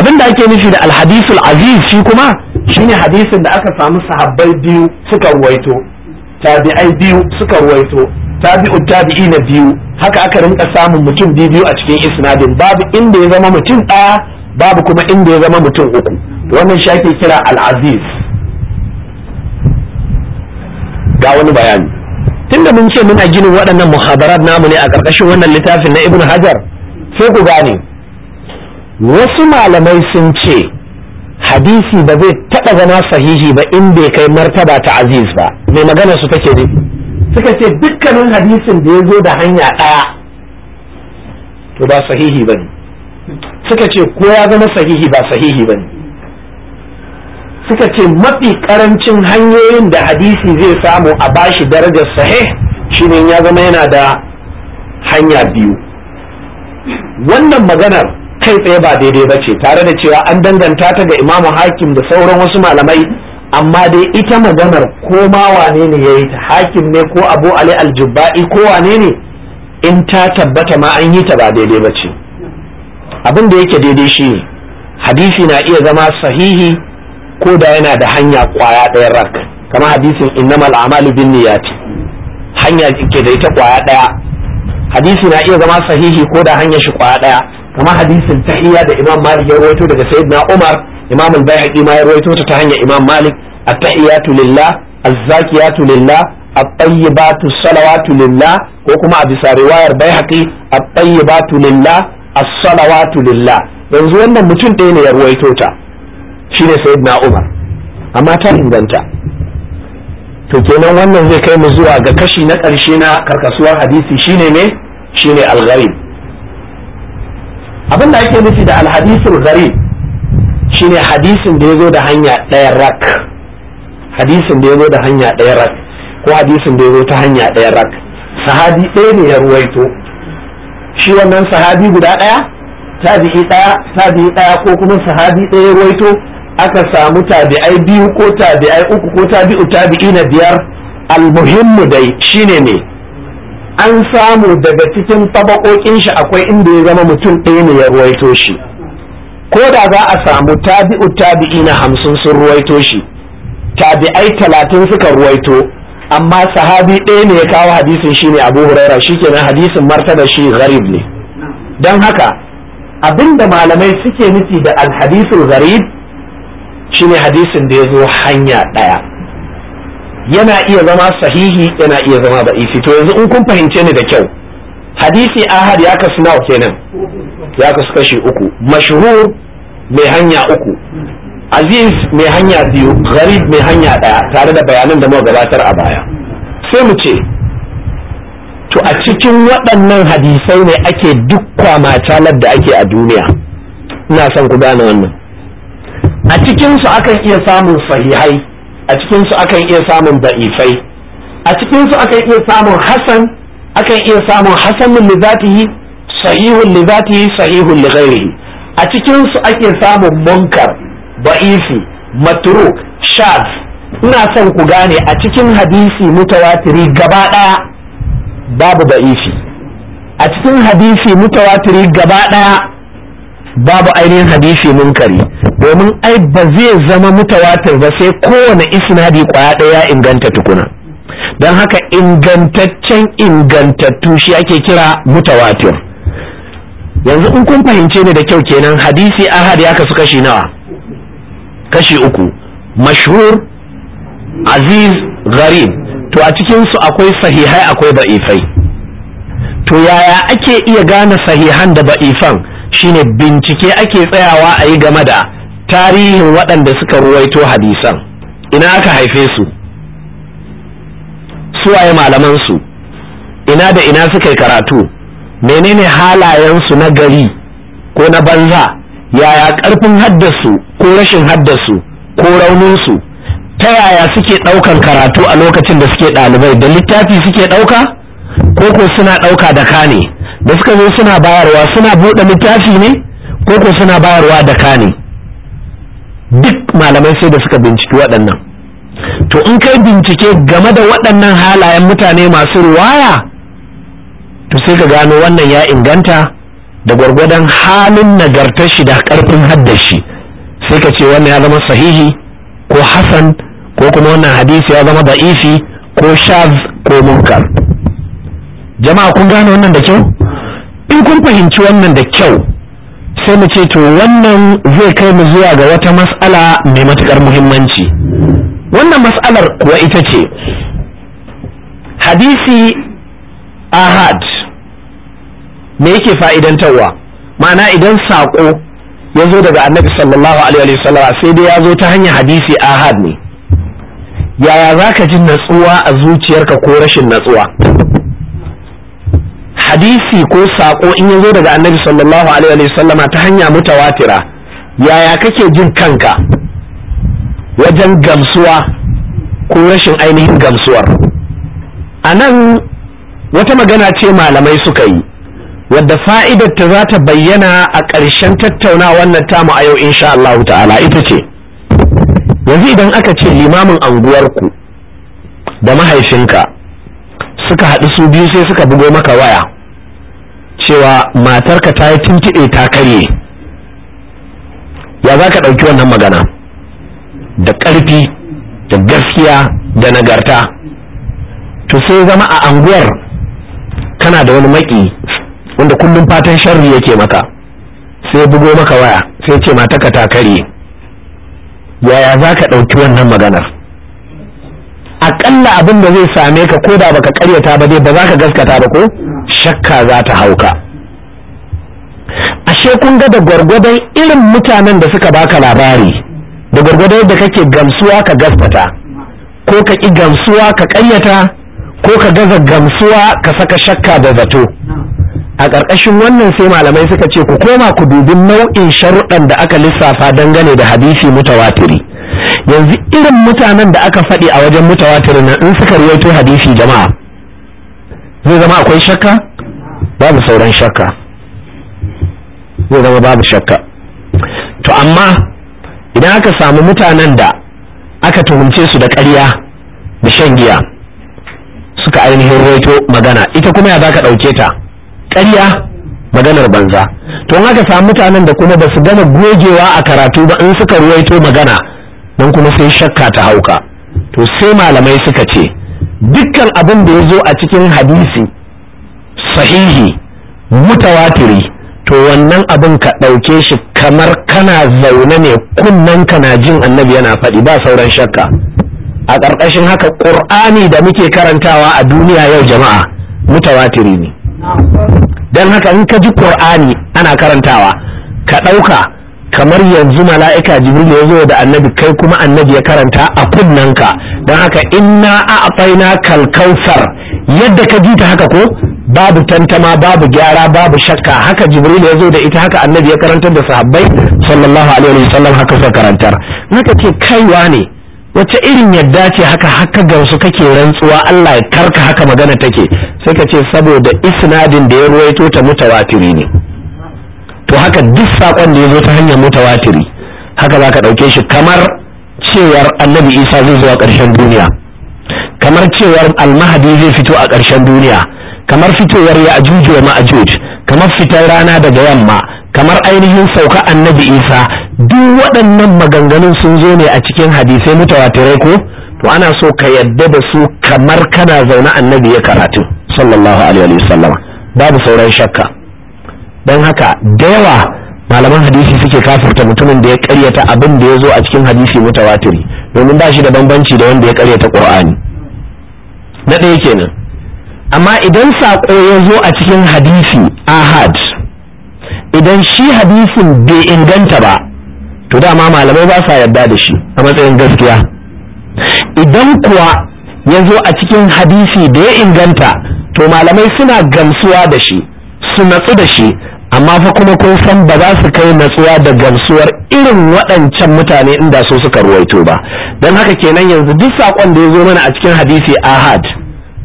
abin da ake nufi da al-hadithul aziz shi kuma shine hadisin da aka samu sahabbai biyu suka ruwaito tabi'ai biyu suka ruwaito tabi'u tabi'ina biyu haka aka rinka samun mutum biyu a cikin isnadin babu inda ya zama mutum ɗaya babu kuma inda ya zama mutum uku wannan shi ake kira al-aziz ga wani bayani tunda mun ce muna ginin waɗannan muhabarat namu ne a ƙarƙashin wannan littafin na ibn hajar sai ku gane wasu malamai sun ce hadisi ba zai taɓa zama sahihi ba in bai kai martaba ta aziz ba mai magana su take ne suka ce dukkanin hadisin da ya zo da hanya ɗaya to ba sahihi ba ne suka ce ko ya zama sahihi ba sahihi ba ne suka ce mafi karancin hanyoyin da hadisi zai samu a bashi darajar sahih shine ya zama yana da hanya biyu wannan maganar kai tsaye ba daidai ba ce tare da cewa an danganta ta ga imamu hakim da sauran wasu malamai amma dai ita maganar ko ma wane ne ya yi ta hakim ne ko abu ali aljubba'i ko wane ne in ta tabbata ma an yi ta ba daidai ba ce abin da yake daidai shi ne hadisi na iya zama sahihi ko da yana da hanya kwaya ɗaya rak kamar hadisin innamal amalu bin niyati hanya ke da ita kwaya ɗaya hadisi na iya zama sahihi ko da hanyar shi kwaya daya kamar hadisin tahiyya da imam malik ya rawaito daga sayyidina umar imam al-baihaqi ma ya rawaito ta ta hanyar imam malik at-tahiyatu lillah az-zakiyatu lillah at-tayyibatu salawatu lillah ko kuma a bisa riwayar baihaqi at-tayyibatu lillah as-salawatu lillah yanzu wannan mutum ɗaya ne ya rawaito ta shine sayyidina umar amma ta inganta to kenan wannan zai kai mu zuwa ga kashi na ƙarshe na karkasuwar hadisi shine ne shine al-gharib abin da ake nufi da al-hadithul gharib shine hadisin da yazo da hanya ɗaya rak hadisin da yazo da hanya ɗaya rak ko hadisin da yazo ta hanya ɗaya rak sahabi ɗaya ne ya ruwaito shi wannan sahabi guda ɗaya tabi'i ɗaya tabi'i daya ko kuma sahabi ɗaya ya ruwaito aka samu tabi'ai biyu ko tabi'ai uku ko tabi'u tabi'i na biyar al-muhimmu dai shine ne an samu daga cikin tabakokin shi akwai inda ya zama mutum ɗaya ne ya ruwaito shi ko da za a samu tabi'u tabi'i na hamsin sun ruwaito shi tabi'ai talatin suka ruwaito amma sahabi ɗaya ne ya kawo hadisin shi shine abu huraira shi kenan hadisin martaba shi gharib ne don haka abinda malamai suke nufi da alhadisul gharib shine hadisin da ya zo hanya ɗaya yana iya zama sahihi yana iya zama isi to yanzu in kun fahimce ni da kyau hadisi ahad ya kasu nawa kenan ya kasu kashi uku mashhur mai hanya uku aziz mai hanya biyu gharib mai hanya daya tare da bayanan da muka gabatar a baya sai mu ce to a cikin waɗannan hadisai ne ake duk kwamacalar da ake a duniya ina son ku gane wannan a cikin su akan iya samun sahihai a cikin su akan iya samun da'ifai a cikin su akan iya samun hasan akan iya samun hasan min zatihi sahihun li sahihun li ghairihi a cikin su ake samun munkar ba'ifi matruk shaz ina son ku gane a cikin hadisi mutawatiri gaba daya babu ba'ifi a cikin hadisi mutawatiri gaba daya babu ainihin hadisi munkari domin ai ba zai zama mutawatir ba sai kowane isnadi kwaya ɗaya inganta tukuna don haka ingantaccen ingantattu shi ake kira mutawatir yanzu in kun fahimce ni da kyau kenan hadisi ahad ya kasu kashi nawa kashi uku mashhur aziz gharib to a cikinsu akwai sahihai akwai ba'ifai to yaya ake iya gane sahihan da ba'ifan shine bincike ake tsayawa a yi game da tarihin waɗanda suka ruwaito hadisan ina aka haife su suwaye malaman su ina da ina suka yi karatu menene halayensu na gari ko na banza yaya ƙarfin haddasu ko rashin haddasu ko rauninsu ta yaya suke ɗaukan karatu a lokacin da suke ɗalibai da littafi suke ɗauka ko ko suna ɗauka da kane da suka zo suna bayarwa suna buɗe littafi ne ko ko suna bayarwa da kane duk malamai sai da suka binciki waɗannan to in kai bincike game da waɗannan halayen mutane masu ruwaya to sai ka gano wannan ya inganta da gwargwadon halin nagartar shi da ƙarfin haddashi sai ka ce wannan ya zama sahihi ko Hassan ko kuma wannan hadisi ya zama da'ifi ko shaz ko munkar jama'a kun gano wannan da kyau in kun fahimci wannan da kyau sai mu ce to wannan zai kai mu zuwa ga wata mas'ala mai matukar muhimmanci wannan mas'alar kuwa ita ce hadisi ahad me yake fa'idantarwa ma'ana idan saƙo ya zo daga annabi sallallahu alaihi wasallam sai dai ya zo ta hanyar hadisi ahad ne yaya za ka ji natsuwa a zuciyarka ko rashin natsuwa hadisi ko sako in ya zo daga annabi sallallahu alaihi wasallama ta hanya mutawatira yaya kake jin kanka wajen gamsuwa ko rashin ainihin gamsuwar a nan wata magana ce malamai suka yi wadda fa'idar ta za ta bayyana a ƙarshen tattaunawar wannan tamu a yau insha Allah ta'ala ita ce yanzu idan aka ce limamin anguwarku da mahaifinka suka haɗu su biyu sai suka bugo maka waya cewa matarka ta yi tuntuɗe ta karye ya za ka ɗauki wannan magana da ƙarfi da gaskiya da nagarta to sai zama a anguwar kana da wani maki wanda kullum fatan sharri yake maka sai bugo maka waya sai ce matarka ta karye yaya za ka ɗauki wannan maganar aƙalla abin da zai same ka ko da baka ƙaryata ba dai ba za ka gaskata ba ko shakka za ta hauka ashe kun ga da gwargwadon irin mutanen da suka baka labari da gwargwadon da kake gamsuwa ka gaskata ko ka ƙi gamsuwa ka ƙayyata ko ka gaza gamsuwa ka saka shakka da zato a ƙarƙashin wannan sai malamai suka ce ku koma ku dubi nau'in sharuɗan da aka lissafa dangane da hadisi mutawatiri yanzu irin mutanen da aka faɗi a wajen mutawatirin nan in suka rawaito hadisi jama'a zai zama akwai shakka babu sauran shakka zai zama babu shakka to amma idan aka samu mutanen da aka tuhumce su da ƙarya da shan giya suka ainihin roto magana ita kuma ya za ka ɗauke ta ƙarya maganar banza to haka samu mutanen da kuma ba su gama gogewa a karatu ba in suka ruwaito magana don kuma sai shakka ta hauka to sai malamai suka ce dukkan abin da ya zo a cikin hadisi sahihi mutawatiri to wannan abin ka ɗauke shi kamar kana zaune ne kunnen kana jin annabi yana faɗi ba sauran shakka a ƙarƙashin haka ƙur'ani da muke karantawa a duniya yau jama'a mutawatiri ne don haka in ka ji ƙur'ani ana karantawa ka ɗauka kamar yanzu mala'ika jibril ya zo da annabi kai kuma annabi ya karanta a ka don haka inna na kalkausar yadda ka ji ta haka ko babu tantama babu gyara babu shakka haka jibril ya zo da ita haka annabi ya karantar da sahabbai sallallahu alaihi wa sallam haka suka karantar naka ce kaiwa ne wace irin yadda ce haka haka gansu kake rantsuwa Allah ya karka haka magana take sai ka ce saboda isnadin da ya ruwaito ta mutawatiri ne to haka duk sakon da ya zo ta hanyar mutawatiri haka za ka ɗauke shi kamar cewar annabi isa zai zo a ƙarshen duniya kamar cewar almahadi zai fito a ƙarshen duniya kamar fitowar ya ajuju wa ma'ajuj kamar fitar rana daga yamma kamar ainihin sauka annabi isa duk waɗannan maganganun sun zo ne a cikin hadisai mutawatirai ko to ana so ka yadda da su kamar kana zaune annabi ya karatu sallallahu alaihi wasallam babu sauran shakka don haka da yawa malaman hadisi suke kafirta mutumin da ya karyata abin da ya zo a cikin hadisi mutawatiri domin ba shi da bambanci da wanda ya karyata qur'ani na ɗaya kenan amma idan saƙo ya zo a cikin hadisi ahad idan shi hadisin bai inganta ba to dama malamai ba sa yarda da shi a matsayin gaskiya idan kuwa ya zo a cikin hadisi da ya inganta to malamai suna gamsuwa da shi su natsu da shi amma fa kuma kun san ba za su kai natsuwa da gamsuwar irin waɗancan mutane inda so suka ruwaito ba don haka kenan yanzu duk saƙon da ya zo mana a cikin hadisi ahad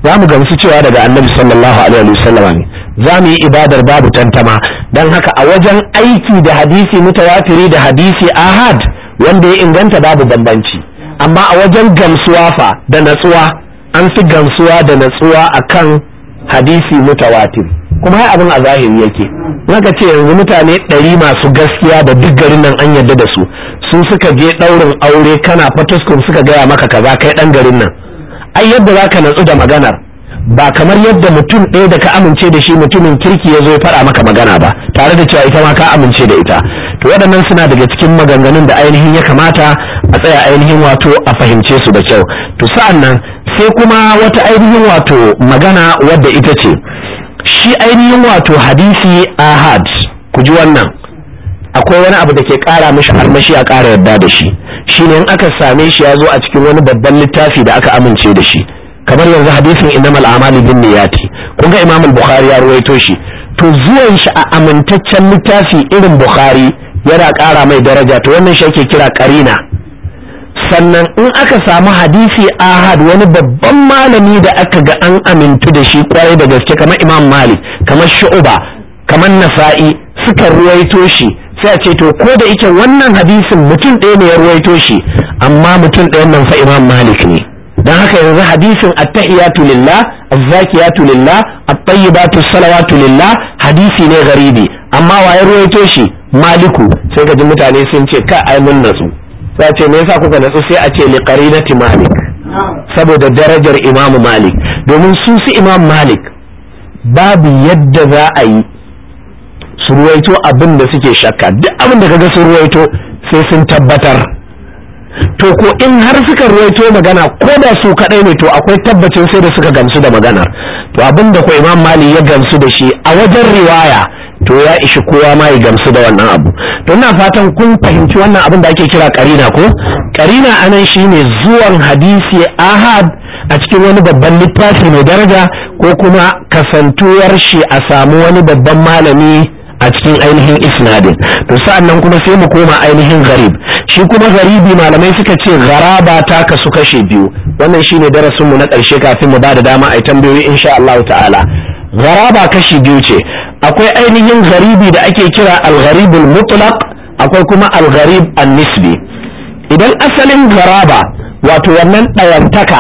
za mu gamsu cewa daga annabi sallallahu alaihi sallam ne za mu yi ibadar babu tantama don haka a wajen aiki da hadisi mutawatiri da hadisi ahad wanda ya inganta babu bambanci amma a wajen gamsuwa fa da natsuwa an fi gamsuwa da natsuwa akan hadisi mutawatir kuma hai abin a zahiri yake naka ce yanzu mutane ɗari masu gaskiya da duk garin nan an yadda da su su suka je ɗaurin aure kana fatuskun suka gaya maka kaza kai ɗan garin nan ai yadda za ka natsu da maganar ba kamar yadda mutum ɗaya da ka amince da shi mutumin kirki ya zo ya faɗa maka magana ba tare da cewa ita ma ka amince da ita to waɗannan suna daga cikin maganganun da ainihin ya kamata a tsaya ainihin wato a fahimce su da kyau to sa'an nan sai kuma wata ainihin wato magana wadda ita ce shi ainihin wato hadisi ahad ku ji wannan akwai wani abu da ke kara mishi armashi a kara yarda da shi shi ne in aka same shi ya zo a cikin wani babban littafi da aka amince da shi kamar yanzu hadisin innamal amali bin niyati kun ga imamul bukhari ya ruwaito shi to zuwan shi a amintaccen littafi irin bukhari yana kara mai daraja to wannan shi ake kira karina sannan in aka samu hadisi ahad wani babban malami da aka ga an amintu da shi kwarai da gaske kamar imam malik kamar shu'uba kamar nasa'i suka ruwaito shi sai a ce to ko da yake wannan hadisin mutum ɗaya ne ya ruwaito shi amma mutum ɗaya nan fa imam malik ne don haka yanzu hadisin attahiyatu lillah azzakiyatu lillah ba ta salawatu lillah hadisi ne garibi amma wa ya ruwaito shi maliku sai ka ji mutane sun ce ka ai mun natsu a ce me yasa kuka natsu sai a ce li qarinati malik saboda darajar imamu malik domin su su imam malik babu yadda za a yi su ruwaito abinda suke shakka duk abinda da kaga su ruwaito sai sun tabbatar to ko in har suka ruwaito magana ko da su kadai ne to akwai tabbacin sai da suka gamsu da maganar to abinda da ko imam Malik ya gamsu da shi a wajen riwaya to ya ishi kowa ma ya gamsu da wannan abu to ina fatan kun fahimci wannan abin da ake kira karina ko karina anan shine zuwan hadisi ahad a cikin wani babban littafi mai daraja ko kuma kasantuwar shi a samu wani babban malami a cikin ainihin isnadin to sa'an nan kuma sai mu koma ainihin garib shi kuma garibi malamai suka ce garaba ta kasu kashe biyu wannan shine darasin mu na ƙarshe kafin mu ba da dama a yi tambayoyi insha Allah ta'ala garaba kashi biyu ce akwai ainihin gharibi da ake kira al mutlaq akwai kuma Algarib an-nisbi idan asalin garaba, wato wannan ɗayantaka,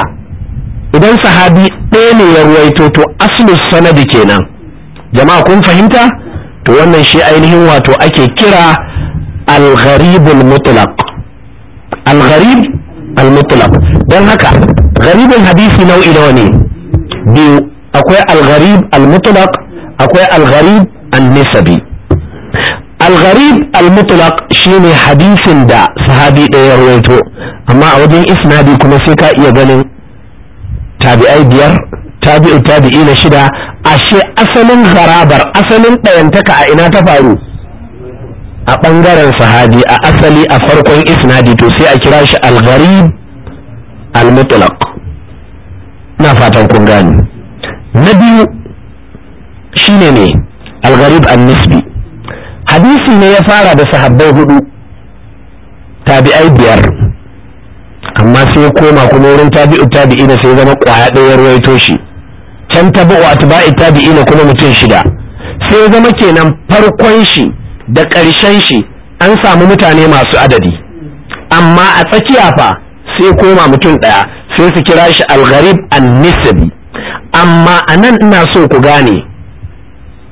idan sahabi ɗaya ne ya ruwaito to aslus sanadi kenan jama'a kun fahimta to wannan shi ainihin wato ake kira al-gharibul mutlaq don haka gharibin hadisi nau'i nawa ne biyu akwai al-gharib akwai al-gharib an-nisabi al al-mutlaq shine hadisin da sahabi ɗaya rawaito amma a wajen isnadi kuma sai ka iya ganin tabi'ai biyar tabi'u tabi'i na shida ashe asalin harabar asalin ɗayantaka a ina ta faru a ɓangaren sahabi a asali a farkon isnadi to sai a kira shi al al-mutlaq na fatan kun gani na biyu shine ne algarib an-nisbi hadisi ne ya fara da sahabbai hudu tabi'ai biyar amma sai ya koma kuma wurin tabi'u tabi'ina sai zama kwaya ɗaya ruwaito shi can tabi'u atba'i tabi'ina kuma mutum shida sai zama kenan farkon shi da karshen shi an samu mutane masu adadi amma a tsakiya fa sai koma mutum ɗaya sai su kira shi algarib an-nisbi amma anan ina so ku gane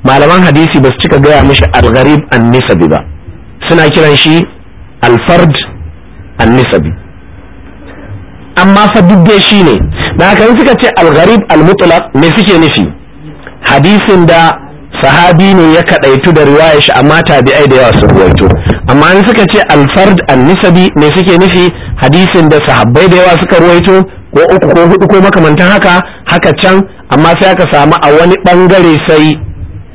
malaman hadisi ba su cika gaya mishi al-gharib an-nisabi ba suna kiran shi al-fard an-nisabi amma fa duk dai shine da haka suka ce al-gharib al-mutlaq me suke nufi hadisin da sahabi ne ya kadaitu da riwaya shi amma tabi'ai da yawa sun ruwaito amma in suka ce al-fard an-nisabi me suke nufi hadisin da sahabbai da yawa suka ruwaito ko uku ko hudu ko makamantan haka haka can amma sai aka samu a wani bangare sai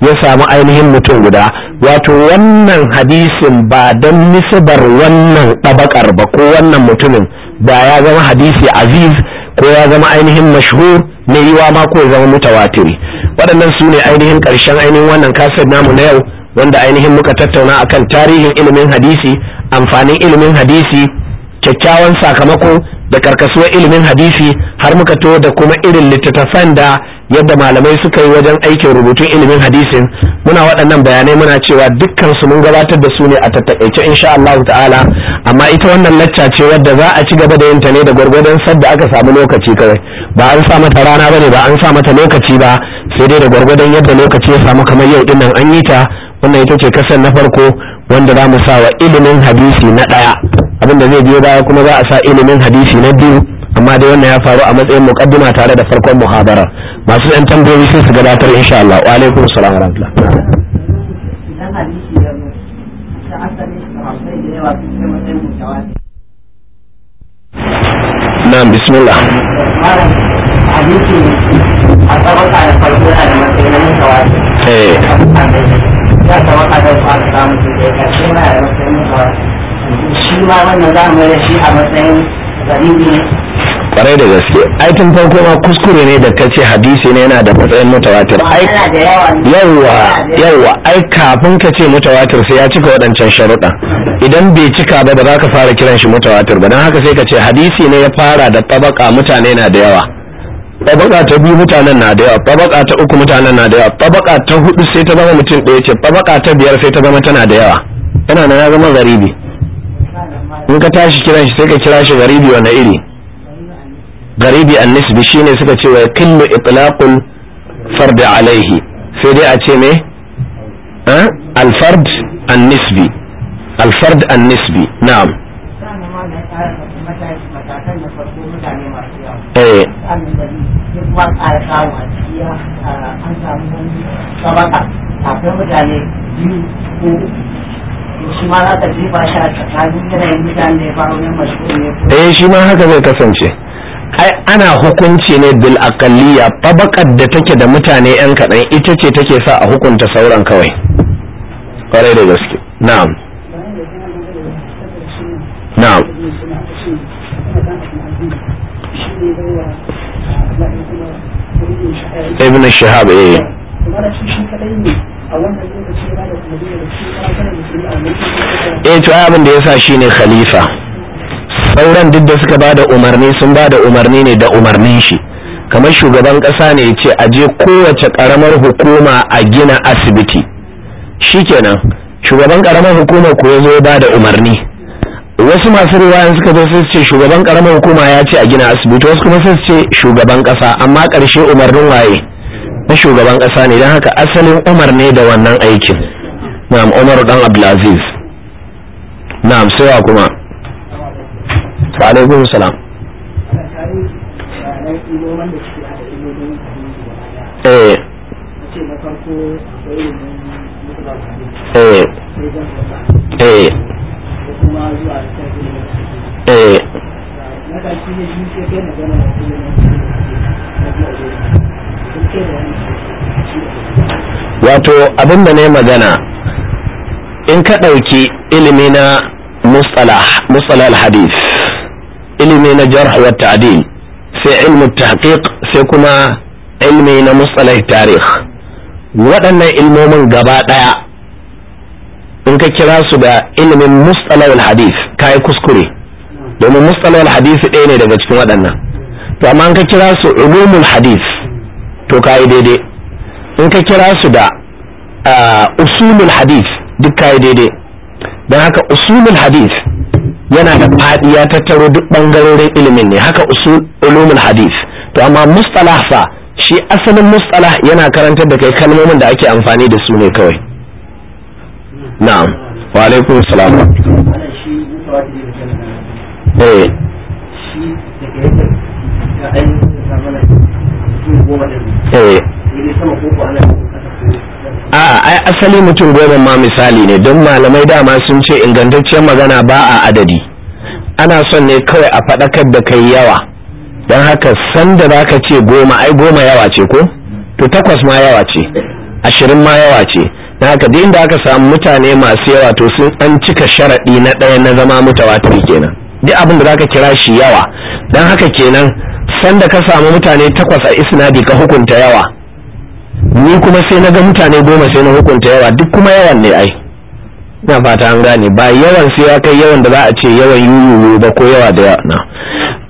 ya samu ainihin mutum guda wato wannan hadisin ba don nisbar wannan ɗabakar ba ko wannan mutumin ba ya zama hadisi aziz ko ya zama ainihin mashhur ne yiwa ma ko ya zama mutawatiri waɗannan su ne ainihin ƙarshen ainihin wannan kasar namu na yau wanda ainihin muka tattauna akan tarihin ilimin hadisi amfanin ilimin hadisi kyakkyawan sakamako da karkasuwar ilimin hadisi har muka to da kuma irin littattafan da yadda malamai suka yi wajen aikin rubutun ilimin hadisin muna waɗannan bayanai muna cewa dukkan su mun gabatar da su ne a tattakaice insha Allah ta'ala amma ita wannan lacca ce wadda za a ci gaba da yin ta ne da gwargwadon sadda aka samu lokaci kawai ba an sa mata rana bane ba an sa mata lokaci ba sai dai da gwargwadon yadda lokaci ya samu kamar yau dinnan an yi ta wannan ita ce kasar na farko wanda za mu sa wa ilimin hadisi na ɗaya abin da zai biyo baya kuma za a sa ilimin hadisi na biyu amma dai wannan ya faru a matsayin muqaddima tare da farkon muhabara masu yan tambayoyi sai su gabatar insha Allah wa alaikum assalam wa rahmatullah na'am bismillah a tsawaka da farko yana da matsayin mutawati eh ya da farko da shi ma wannan za mu da shi a matsayin garibi kwarai da gaske ai tun farko ma kuskure ne da ka ce hadisi ne yana da matsayin mutawatir ai yawa yawa ai kafin ka ce mutawatir sai ya cika waɗancan sharuɗa idan bai cika ba ba za ka fara kiran shi mutawatir ba don haka sai ka ce hadisi ne ya fara da tabaka mutane na da yawa tabaka ta biyu mutanen na da yawa tabaka ta uku mutanen na da yawa tabaka ta hudu sai ta zama mutum ɗaya ce tabaka ta biyar sai ta zama tana da yawa yana na ya zama garibi in ka tashi kiran shi sai ka kira shi garibi wanda iri garibi an annisbi shine suka ce wa yakillu itlaqul fard alaihi sai dai a ce me eh? alfard annisbi alfard nisbi na'am eh an samu wani sabaka kafin mutane biyu ko ba eh shi ma haka zai kasance ai ana hukunci ne bil akaliya tabaqar da take da mutane yan kaɗan ita ce take sa a hukunta sauran kawai kwarai da gaske na'am na'am ibn shahab eh eh to abin da ya shi ne khalifa sauran duk da suka ba da umarni sun bada umarni ne da umarnin shi kamar shugaban kasa ne ya ce a je kowace karamar hukuma a gina asibiti shikenan shugaban karamar hukuma ko ya zo ba da umarni wasu masu riwayan suka zo sai ce shugaban karamar hukuma ya ce a gina asibiti wasu kuma sai ce shugaban kasa amma karshe umarnin waye na shugaban ƙasa ne don haka asalin umar ne da wannan aikin na'am umar dan abdulaziz na'am sai kuma wa salam eh eh eh eh wato abinda na yi magana in ka ɗauki ilimi na mustalah al-hadith ilimi na jarh wa ta'dil sai ilmi tahqiq sai kuma ilmi na mustalah tarikh waɗannan ilmomin gaba ɗaya in ka kira su da ilimin mustalah al-hadith kai kuskure domin mustalah al-hadith ɗaya ne daga cikin waɗannan to amma in ka kira su ulumul hadith to kayi daidai in ka kira su da usulul hadith duk yi daidai don haka usulul hadis yana da faɗi ya tattaro duk ɓangarorin ilimin ne haka usul hadis to amma mustalah fa shi asalin mustalah yana karantar da kai kalmomin da ake amfani da su ne kawai na'am wa alaikum salam eh Eh. a asali mutum goma ma misali ne don malamai dama sun ce ingantacciyar magana ba a adadi ana son ne kawai a faɗakar da kai yawa don haka sanda za ka ce goma ai goma yawa ce ko to takwas ma yawa ce ashirin ma yawa ce don haka duk inda aka samu mutane masu yawa to sun an cika sharaɗi na ɗaya na zama mutawatir kenan duk abin da za ka kira shi yawa don haka kenan sanda ka samu mutane takwas a isnadi ka hukunta yawa ni kuma sai na ga mutane goma sai na hukunta yawa duk kuma yawan ne ai na fata an gane ba yawan sai ya kai yawan da za a ce yawan yuyu ba ko yawa da yawa na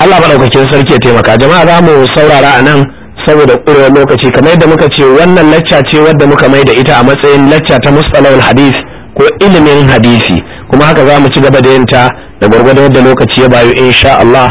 Allah maɗaukakin sarki ya taimaka jama'a za mu saurara a nan saboda ƙurewar lokaci kamar yadda muka ce wannan lacca ce wadda muka mai da ita a matsayin lacca ta mustalahul hadith ko ilimin hadisi kuma haka za mu ci gaba da yin ta da gwargwadon da lokaci ya bayu insha Allah